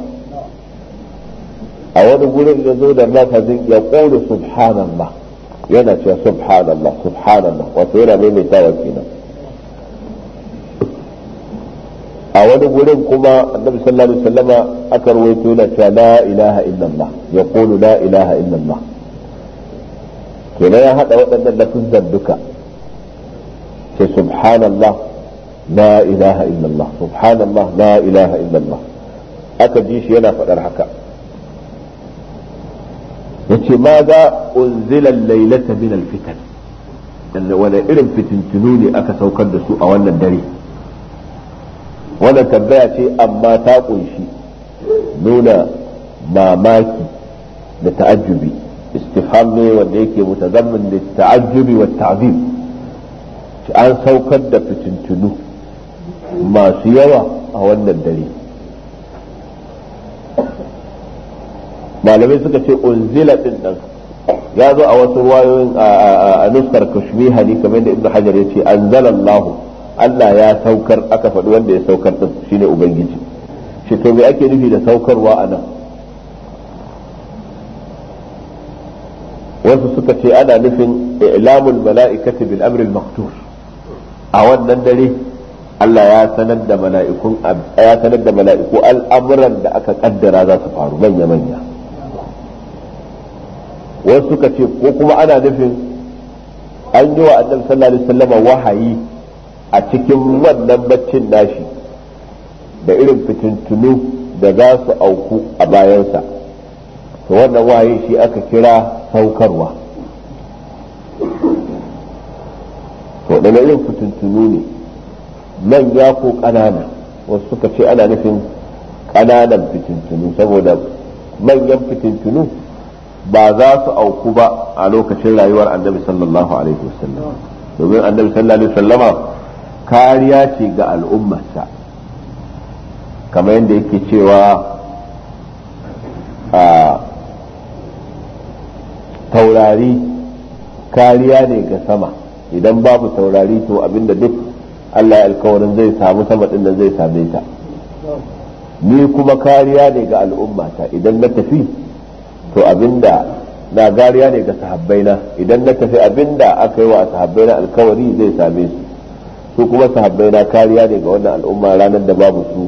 a wani gurin ya zo da lafazin ya ƙoro subhanallah yana cewa subhanallah subhanallah wato yana maimaitawa kenan a wani gurin kuma annabi sallallahu alaihi wasallama aka rawaito yana cewa la ilaha illallah ya ƙoro la ilaha illallah kenan ya haɗa waɗannan lafazan duka sai subhanallah la ilaha illallah subhanallah la ilaha illallah aka ji shi yana faɗar haka yace maza za unzila lailata min alfitan irin fitintunu ne aka saukar da su a wannan dare wannan tambaya ce amma ta ƙunshi nuna mamaki da ta'ajjubi istifham ne wanda yake mutazammin da ta'ajjubi wa ta'zim an saukar da fitintunu masu yawa a wannan dare malamai suka ce unzila din nan ya zo a wasu wayoyin a nuskar kashmiha ne kamar da ibnu hajar ya ce anzalallahu Allah ya saukar aka faɗi wanda ya saukar din shine ubangiji shi to me ake nufi da saukarwa a nan wasu suka ce ana nufin ilamul mala'ikati bil amril maktur a wannan dare Allah ya sanar da mala'ikun ya sanar da mala'iku al'amuran da aka kaddara za su faru manya manya wasu suka ce ko kuma ana nufin an yi wa annabi sallallahu alaihi wasallama wahayi a cikin wannan baccin nashi da irin fitintunu da za su auku a bayansa to wannan wahayi shi aka kira saukarwa to daga irin fitintunu ne manya ko ƙanana wasu suka ce ana nufin ƙananan fitintunu saboda manyan fitintunu ba za su auku ba a lokacin rayuwar annabi sallallahu alaihi wasallam domin annabi sallallahu alaihi wasallama kariya ce ga al'ummarsa kamar yadda yake cewa a taurari kariya ne ga sama idan babu taurari to abinda duk Allah ya alkawarin zai samu sama din nan zai same ta ni kuma kariya ne ga al'umma ta idan na tafi to abinda na gariya ne ga sahabbaina idan na tafi abinda aka yi wa sahabbaina alkawari zai same su su kuma sahabbaina kariya ne ga wannan al'umma ranar da babu su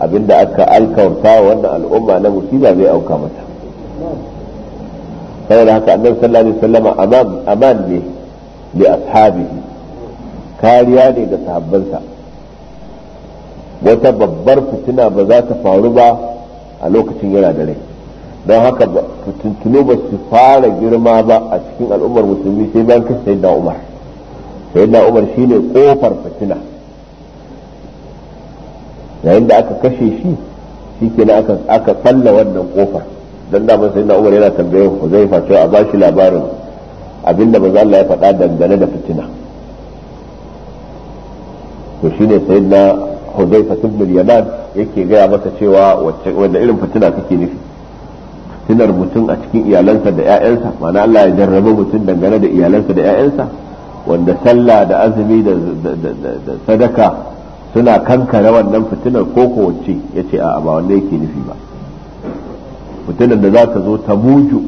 abinda aka alkawarta wa wannan al'umma na musiba zai auka mata saboda haka annabi sallallahu alaihi wasallam aman ne li ashabihi kariya ne ga sahabbansa wata babbar fitina ba za ta faru ba a lokacin yana da rai don haka fitintunu ba su fara girma ba a cikin al'ummar musulmi sai bayan kashe sayyidina umar sayyidina umar ne kofar fitina yayin da aka kashe shi shikenan aka aka falla wannan kofar don da ban sayyidina umar yana tambayar Huzaifa cewa a bashi labarin abinda manzo Allah ya faɗa dangane da fitina to shine na Hudayfa ibn Yaman yake gaya masa cewa wacce wanda irin fitina kake nufi fitinar mutum a cikin iyalansa da 'ya'yansa ma'ana Allah ya jarrabe mutum dangane da iyalansa da 'ya'yansa wanda sallah da azumi da sadaka suna kankare wannan fitinar ko kowace wacce yace a ba wanda yake nufi ba fitinar da za ta zo ta buju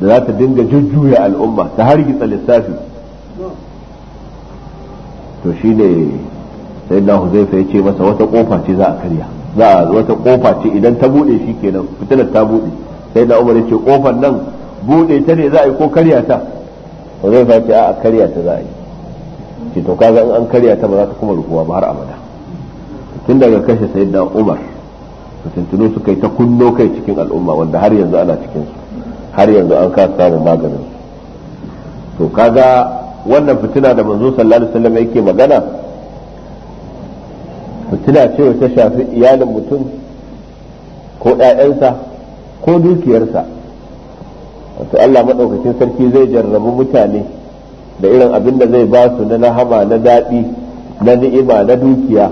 da za ta dinga jujjuya al'umma ta har hargitsa lissafi to shi ne sai na huzaifa ya ce masa wata kofa ce za a karya za a wata kofa ce idan ta bude shi kenan fitilar ta bude sai na umar ya ce kofar nan bude ta ne za a yi ko karya ta zai ce a karya ta za a yi ce to kaga in an karya ta ba za ta kuma rufuwa ba har abada tun daga kashe sai na umar tuntuno suka yi ta kunno kai cikin al'umma wanda har yanzu ana cikinsu har yanzu an kasa samun maganin to kaga wannan fitina da manzo sallallahu alaihi wasallam yake magana fitina ce ta shafi iyalin mutum ko ɗayansa ko dukiyarsa wato Allah maɗaukacin sarki zai jarrabu mutane da irin abin da zai ba su na nahama na daɗi na ni'ima na dukiya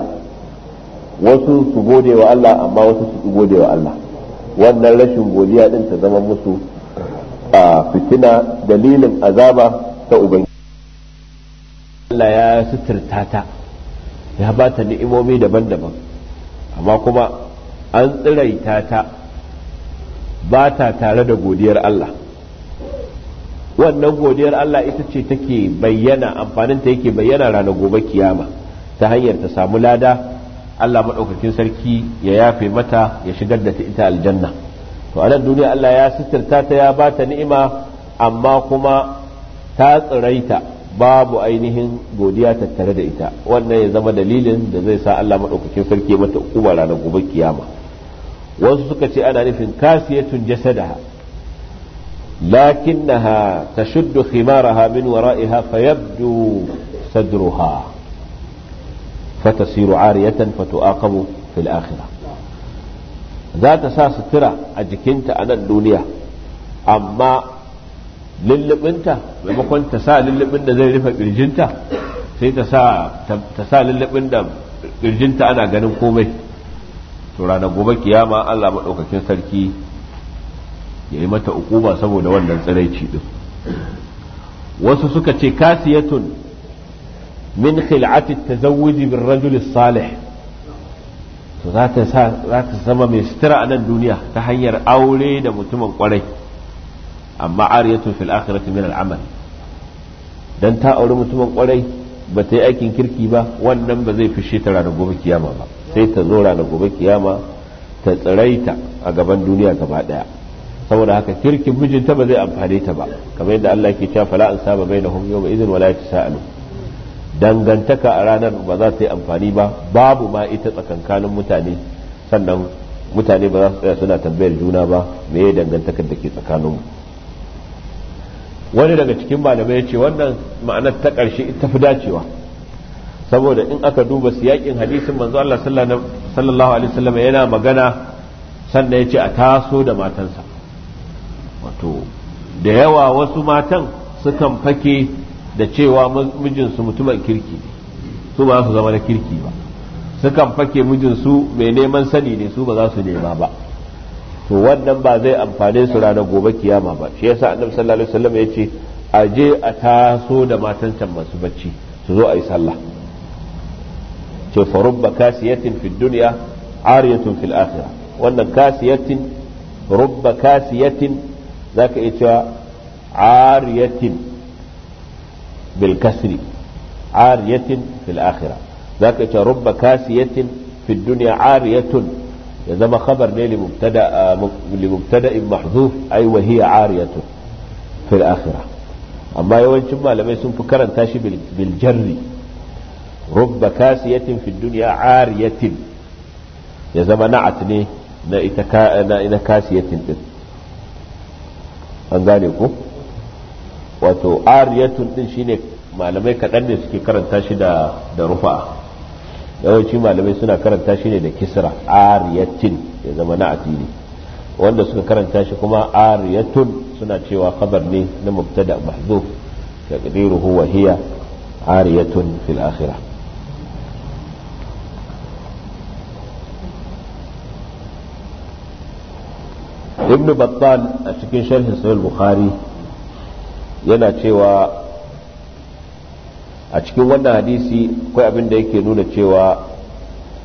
wasu su gode wa Allah amma wasu su gode wa Allah wannan rashin godiya ɗin ta zama musu a fitina dalilin azaba ta ubangiji Allah ya suturta ta ya ba ta ni'imomi daban-daban amma kuma an tsiraita ta ba ta tare da godiyar Allah wannan godiyar Allah ita ce take bayyana amfaninta yake bayyana ranar gobe kiyama ta hanyar ta samu lada Allah maɗaukakin sarki ya yafe mata ya shigar da ta ita aljanna to a duniya Allah ya suturta ta ya ba ta ni'ima amma kuma ta tsiraita babu ainihin godiya tattare da ita wannan ya zama dalilin da zai sa Allah maɗaukakin sarki mata uba ranar gobe kiyama wasu suka ce ana nufin kasiyatun jasadaha lakinnaha tashuddu khimaraha min wara'iha fayabdu sadruha fatasiru ariyatan fatu'aqabu fil akhirah za ta sa sutura a jikinta a nan duniya amma lullubinta maimakon ta sa lullubin da zai rufe kirjinta sai ta sa lullubin da kirjinta ana ganin komai to ranar gobe kiyama Allah maɗaukakin sarki ya yi mata ukuma saboda wannan tsiraici din wasu suka ce kasiyatun min khil'ati tazawwuji bir rajul salih to za ta zama mai sutura a nan duniya ta hanyar aure da mutumin kwarai amma ariyatun fil akhirati min al'amal dan ta auri mutumin kwarai ba ta yi aikin kirki ba wannan ba zai fishe ta ranar gobe kiyama ba sai ta zo ranar gobe kiyama ta tsiraita a gaban duniya gaba daya saboda haka kirkin mijinta ba zai amfane ta ba kamar yadda Allah ke cewa fala an saba bainahum yawma idhin wala yatasaalu dangantaka a ranar ba za ta yi amfani ba babu ma ita tsakankanin mutane sannan mutane ba za su tsaya suna tambayar juna ba me ya dangantakar da ke tsakaninmu wani daga cikin malamai ya ce wannan ma'anar ta ƙarshe ita fi dacewa saboda in aka duba siyakin hadisin manzo Allah sallallahu alaihi wasallam yana magana sannan ya ce a taso da matansa wato da yawa wasu matan sukan fake da cewa mijinsu mutumin kirki ne su ba su zama na kirki ba sukan fake mijinsu mai neman sani ne su ba za su nema ba to wannan ba zai amfane su ranar gobe kiyama ba shi yasa annabi sallallahu alaihi wasallam ya ce a je a taso da matan can masu bacci su zo a yi sallah ce farubba kasiyatin fi dunya ariyatun fil akhirah wannan kasiyatin rubba kasiyatin zaka iya cewa ariyatin bil kasri ariyatin fil akhirah zaka iya cewa rubba kasiyatin fi dunya ariyatun ya zama khabar ne li mubtada in mahzuf ai wa hiya ariyatu fil akhirah amma yawancin malamai sun fi karanta shi bil jarri rubba kasiyatin fid dunya ariyatin ya zama na'at ne na ita na ina kasiyatin din an gane ku. wato ariyatun din shine malamai kadan ne suke karanta shi da da rufa'a yawanci malamai suna karanta shi ne da kisra ariyatin ya zama na addini wanda suka karanta shi kuma ariyatun suna cewa khabar ne na mubtada mahdhuf taqdiruhu wa hiya ariyatun fil akhirah ibnu battal a cikin sharhin sahih bukhari yana cewa a cikin wannan hadisi akwai abin da yake nuna cewa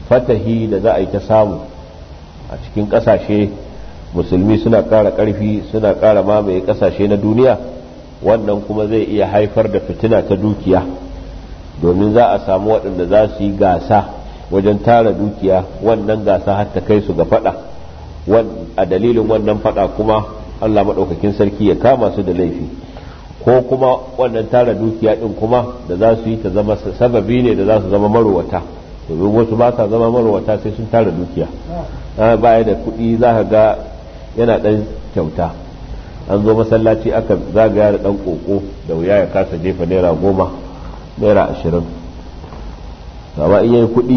fatahi da za a yi ta samu a cikin ƙasashe musulmi suna ƙara ƙarfi suna ƙara mamaye ƙasashe na duniya wannan kuma zai iya haifar da fitina ta dukiya domin za a samu waɗanda za su yi gasa wajen tara dukiya wannan gasa har ta kai su ga faɗa a dalilin wannan faɗa kuma allah maɗaukakin sarki ya kama su da laifi ko kuma wannan tara dukiya din kuma da za su yi ta zama sababi ne da za su zama marowata domin wasu ba sa zama marowata sai sun tara dukiya ah. ah, baya da kuɗi za ka ga yana ɗan kyauta an zo masallaci aka zagaya da ɗan ƙoƙo da wuya ya kasa jefa naira goma naira ashirin amma in yayi kuɗi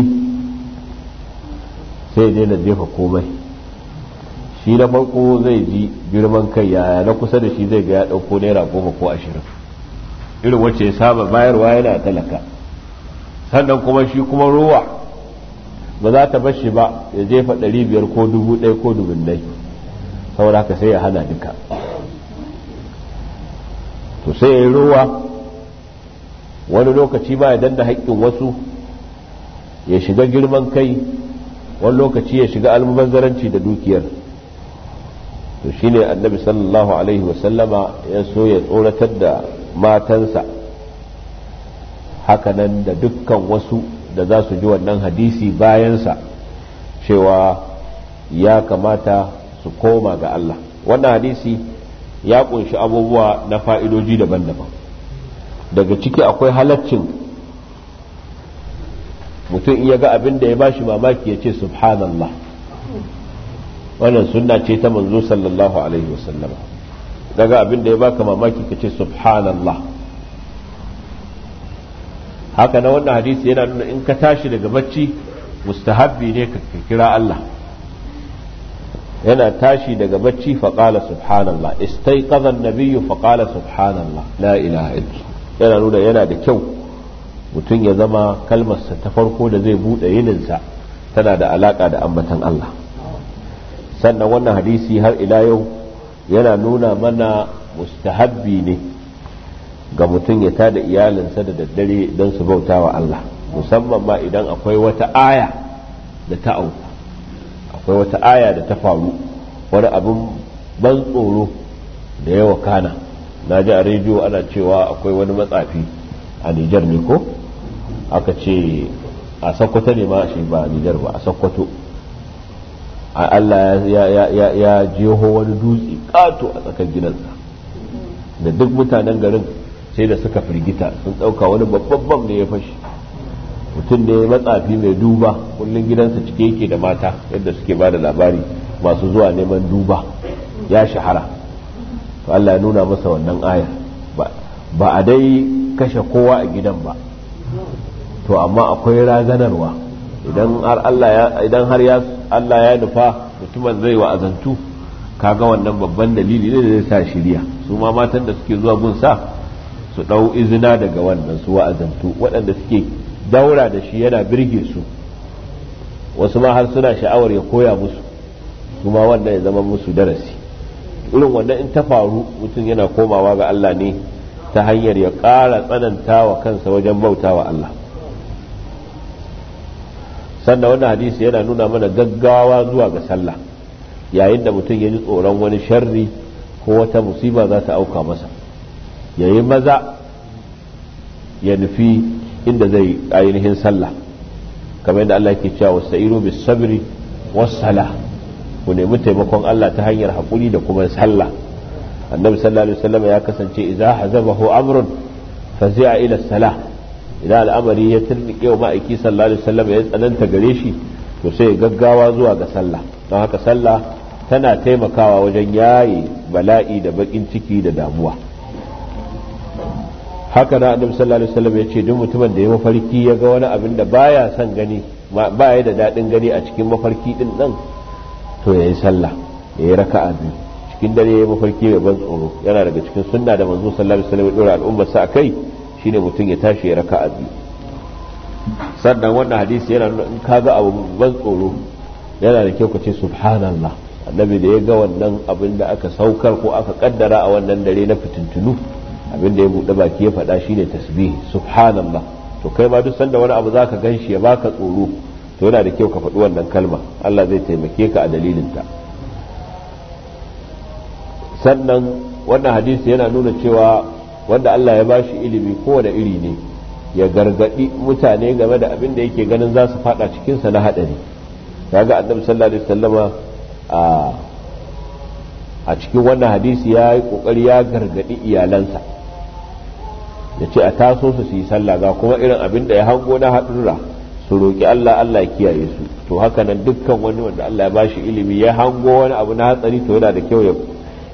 sai ya daina jefa komai shi na farko zai ji girman kai yaya na kusa da shi zai ga ya ɗauko naira goma ko ashirin irin wacce ya saba bayarwa yana talaka sannan kuma shi kuma ruwa ba za ta bar shi ba ya jefa ɗari biyar ko dubu ɗaya ko ɗai saboda haka sai ya hana duka to sai ya yi ruwa wani lokaci ba ya danda haƙƙin wasu ya shiga girman kai wani lokaci ya shiga almubazzaranci da dukiyar to shine annabi sallallahu alaihi wasallama ya so ya tsoratar da matansa hakanan da dukkan wasu da za su ji wannan hadisi bayansa cewa ya kamata su koma ga Allah wannan hadisi ya kunshi abubuwa na fa'idoji daban-daban daga ciki akwai halaccin mutum iya ga abin da ya ba shi mamaki ya ce subhanallah wannan sunna ce ta manzo sallallahu alaihi wasallama daga abin da ya baka mamaki kace subhanallah haka na wannan hadisi yana nuna in ka tashi daga bacci mustahabbi ne ka kira Allah yana tashi daga bacci faƙala subhanallah istaiqaza nabiyyu faƙala subhanallah la ilaha illallah yana nuna yana da kyau mutum ya zama kalmarsa ta farko da zai buɗe yininsa tana da alaƙa da ambatan Allah sannan wannan hadisi har ila yau yana nuna mana mustahabbi ne ga mutum ya tada iyalinsa da daddare don su bauta wa Allah musamman ma idan akwai wata aya da ta auku akwai wata aya da ta faru wani abin ban tsoro da yawa kana na ji a rediyo ana cewa akwai wani matsafi a Nijar ne ko aka ce a Sokoto ne ma shi ba Nijar ba a Sokoto a Allah ya jeho wani dutse ƙato a tsakar gidansa da duk mutanen garin sai da suka firgita sun ɗauka wani babban bam ya fashi mutum ne matsafi mai duba kullum gidansa cike yake da mata yadda suke ba da labari masu zuwa neman duba ya shahara to Allah ya nuna masa wannan aya ba a dai kashe kowa a gidan ba to amma akwai razanarwa idan har Allah ya Allah ya nufa mutumin zai wa'azantu kaga wannan babban dalili ne da zai sa shirya su ma matan da suke zuwa gunsa su dau izina daga wannan su wa'azantu waɗanda suke daura da shi yana birge su wasu ma har suna sha'awar ya koya musu kuma wannan ya zama musu darasi irin wannan in ta faru mutum yana komawa ga Allah ne ta hanyar ya ƙara tsananta wa kansa wajen bautawa Allah sannan wannan hadisi yana nuna mana gaggawa zuwa ga sallah yayin da mutum ya ji tsoron wani sharri ko wata musiba za ta auka masa yayi maza ya nufi inda zai ainihin sallah kamar yadda Allah ke cewa wasta'iru bis sabri was salah ku nemi taimakon Allah ta hanyar hakuri da kuma sallah annabi sallallahu alaihi wasallam ya kasance idza hazabahu amrun fazi'a ila salah idan al'amari ya turnike wa ma'aiki sallallahu alaihi wasallam ya tsananta gare shi to sai gaggawa zuwa ga sallah don haka sallah tana taimakawa wajen yaye bala'i da bakin ciki da damuwa haka na annabi sallallahu alaihi wasallam ya ce duk mutumin da ya mafarki ya ga wani abin da baya son gani baya da dadin gani a cikin mafarki din nan to yayi sallah yayi raka'a biyu cikin dare ya mafarki mai ban tsoro yana daga cikin sunna da manzo sallallahu alaihi wasallam ya dora al'ummar sa kai. shine mutum ya tashi ya raka biyu sannan wannan hadisi yana in ga abu ban tsoro yana da kyau ka ce subhanallah annabi da ya ga wannan abin da aka saukar ko aka kaddara a wannan dare na fitintunu abin da ya buɗe baki ya faɗa shine tasbihi subhanallah to kai ba duk sanda wani abu zaka ganshi ya baka tsoro to yana da kyau ka faɗi wannan kalma Allah zai taimake ka a dalilin ta sannan wannan hadisi yana nuna cewa wanda Allah ya bashi ilimi kowane iri ne ya gargadi mutane game da abin da yake ganin za su fada cikinsa na haɗari kaga annabi sallallahu alaihi wasallama a a cikin wannan hadisi ya yi kokari ya gargadi iyalansa ya ce a taso su su yi sallah ga kuma irin abin da ya hango na haɗurra su roƙi Allah Allah ya kiyaye su to haka nan dukkan wani wanda Allah ya bashi ilimi ya hango wani abu na hatsari to yana da kyau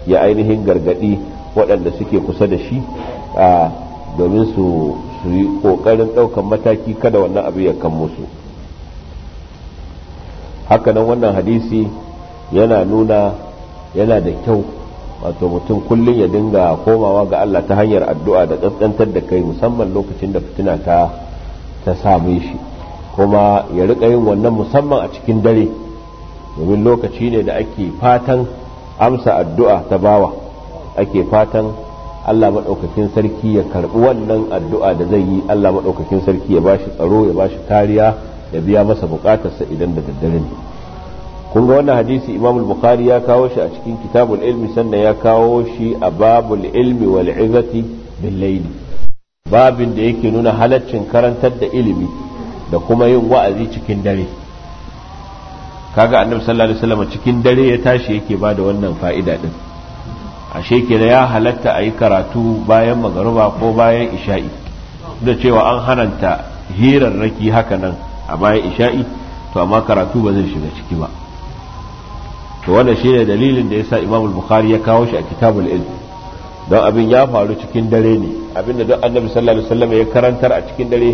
ya ainihin gargadi waɗanda suke kusa da shi a domin su yi ƙoƙarin ɗaukan mataki kada wannan abu ya kan musu hakanan wannan hadisi yana nuna yana da kyau wato mutum kullum ya dinga komawa ga Allah ta hanyar addu'a da ƙasƙantar da kai musamman lokacin da fitina ta ta same shi kuma ya riƙa yin wannan musamman a cikin dare domin lokaci ne da ake fatan amsa addu'a ta bawa ake fatan Allah maɗaukakin sarki ya karɓi wannan addu'a da zai yi Allah maɗaukakin sarki ya bashi tsaro ya bashi kariya ya biya masa buƙatarsa idan da daddare ne kun ga wannan hadisi Imam Bukhari ya kawo shi a cikin kitabul ilmi sannan ya kawo shi a babul ilmi wal izati bil babin da yake nuna halaccin karantar da ilimi da kuma yin wa'azi cikin dare kaga annabi sallallahu alaihi wasallam cikin dare ya tashi yake bada wannan fa'ida din ashe kenan ya halatta a yi karatu bayan magaruba ko bayan isha'i da cewa an hananta hirarraki haka nan a bayan isha'i to amma karatu ba zai shiga ciki ba to wanda shi ne dalilin da ya sa imamul Bukhari ya kawo shi a Kitabul Ilm don abin ya faru cikin dare ne abinda don Annabi sallallahu alaihi wasallam ya karantar a cikin dare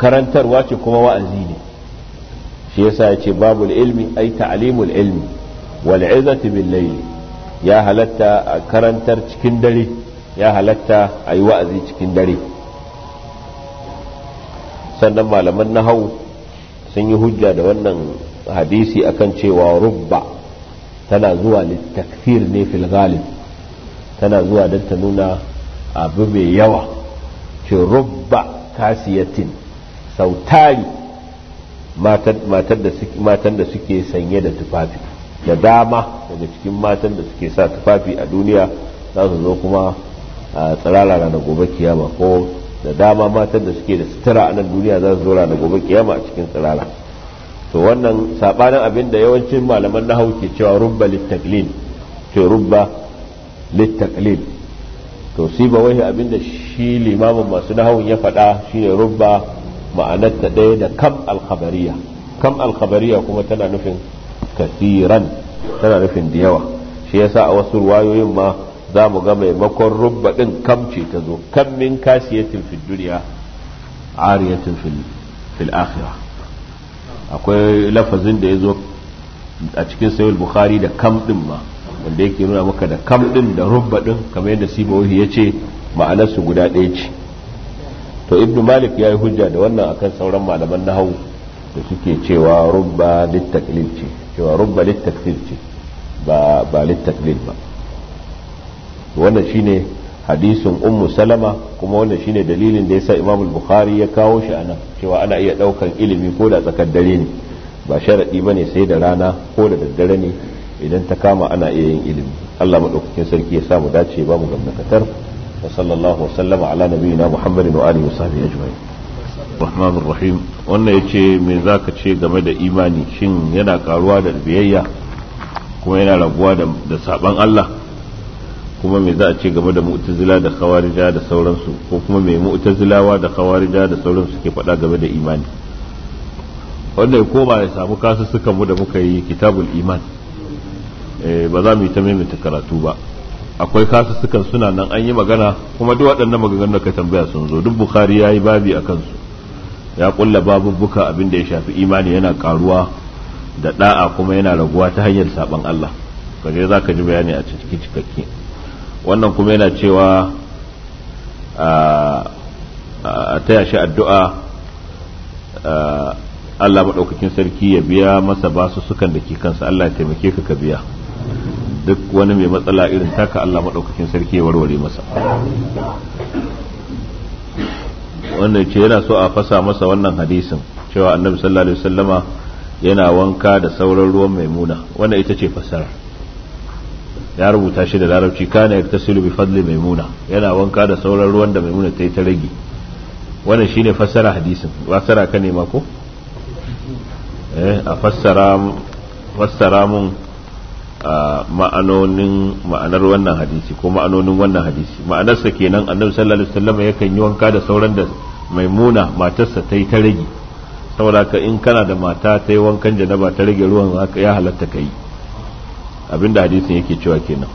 karantarwa ce kuma wa'azi ne shi yasa ya ce babul ilmi ai ta'limul ilmi wal 'izati bil ya halatta a karantar cikin dare ya halatta a yi wa'azi cikin dare sannan malaman hau sun yi hujja da wannan hadisi akan cewa rubba tana zuwa littakfir ne fil tana zuwa don ta nuna abu mai yawa ce rubba kasiyatin sautari matan da suke sanye da tufafi da dama daga cikin matan da suke sa tufafi a duniya za su zo kuma a tsirara ranar gobe kiyama ko da dama matan da suke da sutura a nan duniya za su zo ranar gobe kiyama a cikin tsirara to wannan sabanin abin da yawancin malaman na ke cewa rubba littaklin to rubba littaklin to si ba wai abin da shi limamin masu nahawun ya faɗa shine rubba ma'anarta ɗaya da kam alkhabariya kam alkhabariya kuma tana nufin kasiran tana nufin da yawa shi yasa a wasu ruwayoyin ma za mu ga maimakon rubba din kamce ta zo kam min kasiyatin fid duniya ariyatin fil akhirah akwai lafazin da ya zo a cikin sayul bukhari da kam din ma wanda yake nuna maka da kam din da rubba din kamar yadda sibawi ya ce su guda ɗaya ce to ibnu malik ya yi hujja da wannan akan sauran malaman hau da suke cewa rubba littaklil ce cewa rubba littafin ce ba ba ba wannan shine hadisin ummu salama kuma wannan shine dalilin da ya sa imamu bukhari ya kawo shi a nan cewa ana iya daukan ilimi ko da tsakar dare ne ba sharadi bane sai da rana ko da daddare ne idan ta kama ana iya yin ilimi Allah madaukakin sarki ya samu dace ba mu gamnakatar wa sallallahu wa sallama ala nabiyina muhammadin wa alihi wa sahbihi ajma'in rahman rahim wannan ya ce me za ka ce game da imani shin yana karuwa da biyayya kuma yana raguwa da saban Allah kuma me za a ce game da mu'tazila da khawarija da sauransu ko kuma me mu'tazilawa da khawarija da sauransu ke faɗa game da imani wannan ko ba ya samu kasussukan mu da muka yi kitabul iman eh, ba za mu yi ta maimaita karatu ba akwai kasussukan suna nan an yi magana kuma duk waɗannan maganganun da ka tambaya sun zo duk bukhari ya yi babi a kansu ya kulla babubbuka abin da ya shafi imani yana karuwa da da'a kuma yana raguwa ta hanyar saban Allah kaje za ka ji bayani a cikin cikakke wannan kuma yana cewa a ta shi addu'a Allah maɗaukakin sarki ya biya masa basu sukan da ke kansa Allah ya taimake ka ka biya duk wani mai matsala irin taka Allah maɗaukakin sarki ya warware masa wanda ce yana so a fasa masa wannan hadisin cewa annabi sallallahu alaihi wasallama yana wanka da sauran ruwan maimuna wannan ita ce fasar ya rubuta shi da larabci kana yaktasilu bi fadli maimuna yana wanka da sauran ruwan da maimuna ta yi ta rage wannan shine fasara hadisin fasara ka ne mako eh a fassara fassara mun ma'anonin ma'anar wannan hadisi ko ma'anonin wannan hadisi ma'anarsa kenan annabi sallallahu alaihi wasallam yakan yi wanka da sauran da maimuna matarsa ta yi ta rage saboda ka in kana da mata ta yi wankan janaba ta rage ruwan ya halatta ka yi abinda hadisin yake cewa kenan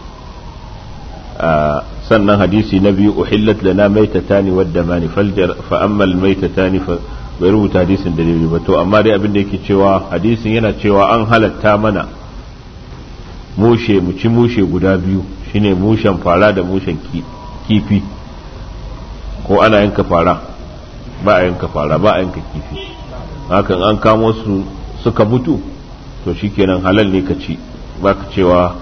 sannan hadisi na biyu uhillat lana maitatani wadda mani fa amma maitatani fa bai rubuta hadisin da ba to amma dai abinda yake cewa hadisin yana cewa an halatta mana mushe mu ci mushe guda biyu shine mushen fara da mushen kifi ko ana yanka fara ba a yanka fara ba a yanka kifi hakan an kamo su suka mutu to shikenan halal ne ka ci ba ka cewa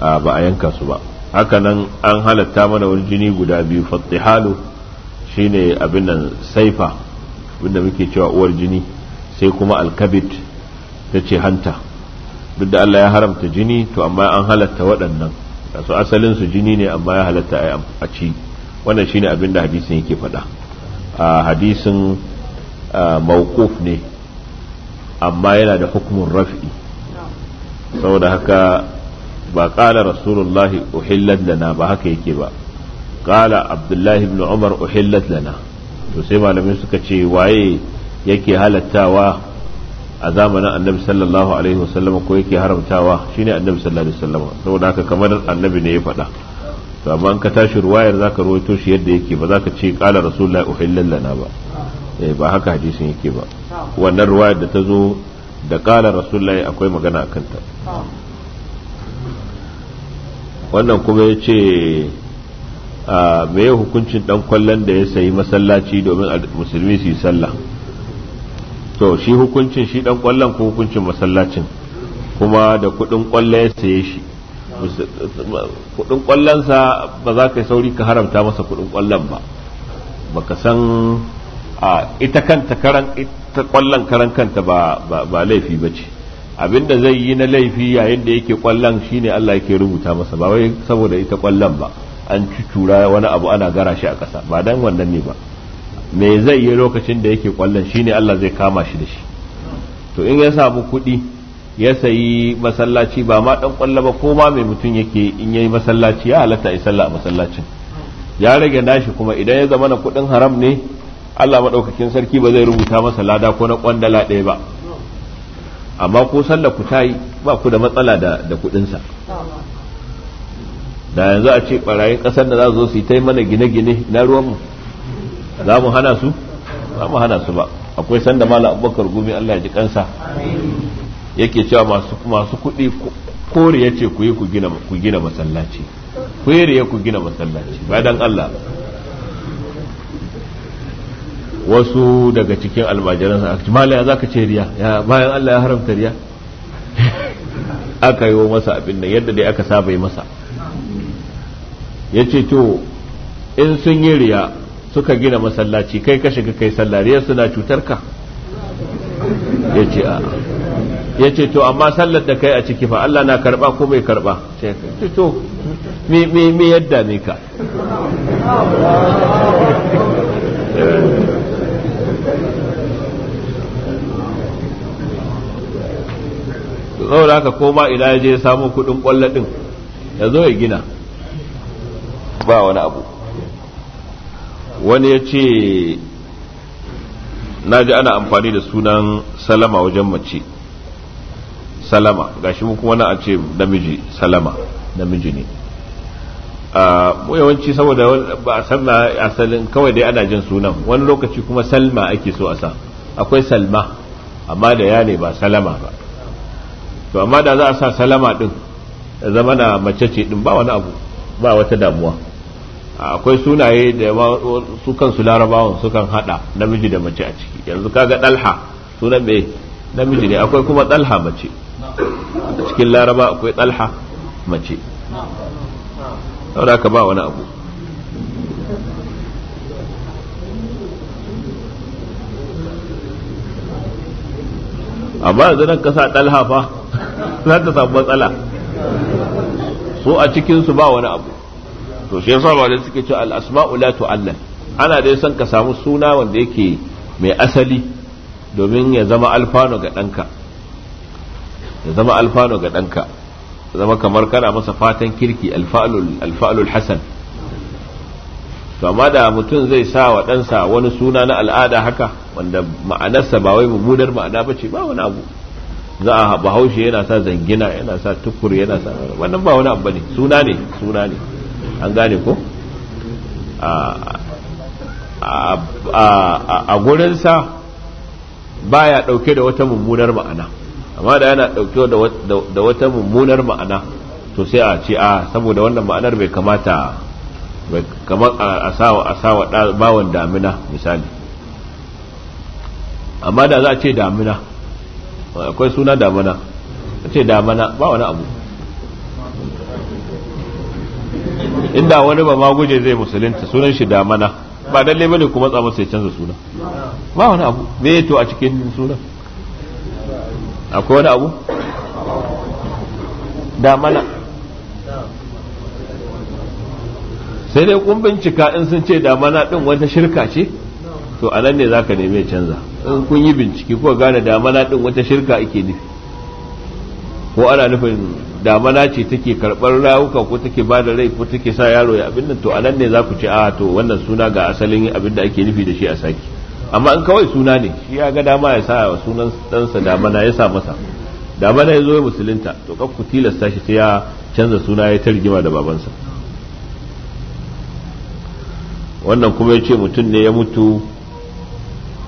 ba a yanka su ba hakanan an halatta mana wani jini guda biyu shi ne abin nan saifa abinda muke cewa uwar jini sai kuma alkabit ta ce hanta duk da Allah ya haramta jini to amma an halatta waɗannan asalin su jini ne amma ya halatta a ci wannan shine abin da hadisin yake faɗa a ah, hadisin ah, mawquf ne amma yana da hukumin raf'i saboda haka ba kala rasulullahi uhillat lana ba haka yake ba kala abdullahi ibn umar uhillat lana to sai malamai suka ce waye yake halattawa a zamanin annabi sallallahu alaihi wasallam ko yake haramtawa shine annabi sallallahu alaihi wasallam saboda haka kamar annabi ne ya faɗa to amma ka tashi ruwayar zaka rawaito shi yadda yake ba zaka ce qala rasulullahi uhillal lana ba eh ba haka hadisin yake ba wannan ruwayar da ta zo da qala rasulullahi akwai magana akan ta wannan kuma yace a me hukuncin dan kwallon da ya sayi masallaci domin musulmi su yi sallah to shi hukuncin shi dan kwallon ko hukuncin masallacin kuma da kudin kwallon ya saye shi kudin kwallonsa ba za ka yi sauri ka haramta masa kudin kwallon ba baka san a ita kanta karan ita kwallon karan kanta ba ba laifi ba ce abinda zai yi na laifi yayin da yake kwallon shine Allah yake rubuta masa ba wai saboda ita kwallon ba an cucura wani abu ana gara shi a kasa ba dan wannan ne ba me zai yi lokacin da yake kwallon shine Allah zai kama shi da shi to in ya samu kuɗi ya sayi masallaci ba ma dan kwalla ba ko ma mai mutum yake in yayi masallaci ya halatta a sallah a masallacin ya rage nashi kuma idan ya zama na kudin haram ne Allah madaukakin sarki ba zai rubuta masa lada ko na kwandala ɗaya ba amma ko sallah ku tayi ba ku da matsala da da kudin sa da yanzu a ce barayin kasar da za su zo su yi ta mana gine-gine na ruwan mu za mu hana su za mu hana su ba akwai sanda mala abubakar gumi Allah ya ji kansa yake cewa masu masu kuɗi kore ya ce ku yi ku gina ku gina masallaci kwere ya ku gina masallaci ba dan Allah wasu daga cikin sa aka ce ya zaka ce riya ya bayan Allah ya haramta riya aka yi wa masa abin nan yadda dai aka saba yi masa yace to in sun yi riya suka gina masallaci kai ka shiga kai sallah riya suna cutar ka yace a'a ya ce to amma sallar da kai a ciki fa Allah na karba ko bai karba ce to me me me yadda ne ka saboda haka koma ina ya je ya samu kudin kwallo din ya zo ya gina ba wani abu wani ya ce na ji ana amfani da sunan salama wajen mace salama gashi mu kuma na a ce namiji salama namiji ne mu yawanci saboda ba a san asalin kawai dai ana jin sunan wani lokaci kuma salma ake so a sa akwai salma amma da ya ne ba salama ba to amma da za a sa salama din zama na mace ce din ba wani abu ba wata damuwa akwai sunaye da su kansu larabawan sukan hada namiji da mace a ciki yanzu kaga dalha sunan me namiji ne akwai kuma dalha mace a cikin laraba akwai talha mace saboda ka ba wani abu amma da zanen kasa ɗalha fa za ta samu matsala so a cikinsu ba wani abu to shi yasa ba da suke ce al'asma'u la tu'allal ana dai son ka samu suna wanda yake mai asali domin ya zama alfano ga ɗanka ya zama alfano ga ɗanka zama kamar kana masa fatan kirki alfa'alul hasan to amma da mutum zai sa wa ɗansa wani suna na al'ada haka wanda ma'anarsa ba wai mummunar ma'ana ba ce ba wani abu za a bahaushe yana sa zangina yana sa tukur yana sa wannan ba wani abu ne suna ne suna ne an gane ko a gurinsa baya ɗauke da wata mummunar ma'ana amma da yana ɗauke da wata mummunar ma'ana to sai a ce a ah, saboda wannan ma'anar bai kamata kamar a sawa a sawa bawan damina misali amma da za a ce damina akwai suna damina a ce damina ba wani abu inda wani ba maguje zai musulunta sunan shi damina ba dalle bane kuma tsama sai canza suna ba wani abu me to a cikin sunan akwai wani abu da mana sai dai kun bincika in sun ce da mana din wata shirka ce to a nan ne za ka neme canza in kun yi bincike ko gane da mana din wata shirka ake nufi ko ana nufin damana ce take karɓar rayuka ko take ba da rai ko take sa yaro ya abin nan to a nan ne za ku ce a to wannan suna ga asalin abin da ake nufi da shi a saki amma in kawai suna ne shi ya ga dama ya sa wa sunan ɗansa damana ya sa masa damana ya zo ya musulunta to kan ku tilasta shi sai ya canza suna ya tarjima da babansa wannan kuma ya ce mutum ne ya mutu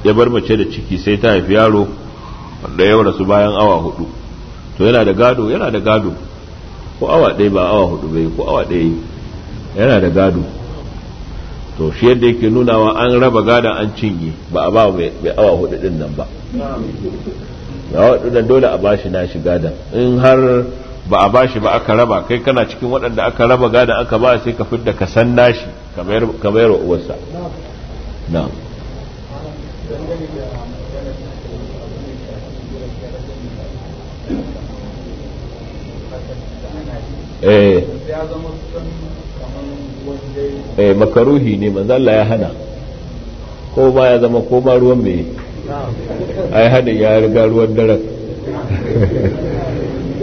ya bar mace da ciki sai ta haifi yaro wanda ya rasu bayan awa hudu to yana da gado yana da gado ko awa ɗaya ba awa hudu bai ko awa ɗaya yana da gado to shi yadda yake nunawa an raba gada an cinye ba a ba mai awa hudu din nan ba awa hudu dole a bashi nashi gada in har ba a bashi ba aka raba kai kana cikin waɗanda aka raba gadon aka ba sai ka fidda ka san nashi mayar wa uwarsa na'am eh. eh makaruhi ne manzo Allah ya hana ko ba ya zama ko ba ruwan me ai hada ya riga ruwan dare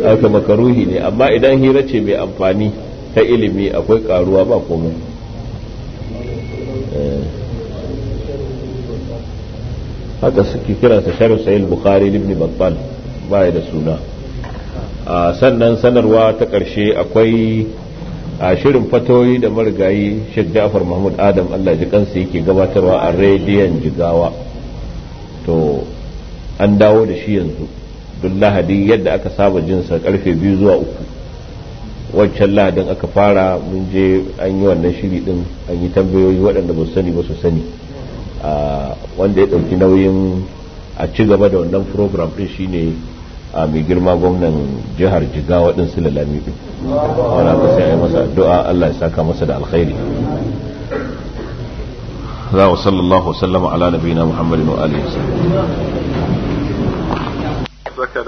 aka makaruhi ne amma idan hira ce mai amfani ta ilimi akwai karuwa ba komai eh. haka suke kiransa sharh sahih bukhari ibn battal ba da suna ah, sannan sanarwa ta karshe akwai a shirin fatoyi da marigayi shek Ja'far Mahmud Adam Allah ji kansa yake gabatarwa a rediyon Jigawa to an dawo da shi yanzu duk lahadi yadda aka saba jinsa karfe biyu zuwa uku waccan lahadin aka fara mun je an yi wannan shiri din an yi tambayoyi waɗanda ba su sani ba su sani wanda ya ɗauki nauyin a ci gaba da wannan program ɗin shine a mai girma gwamnan jihar jigawa din su lalami din wala ka sai masa addu'a Allah ya saka masa da alkhairi za wa sallallahu wa sallama ala nabiyina muhammadin wa alihi wa sallam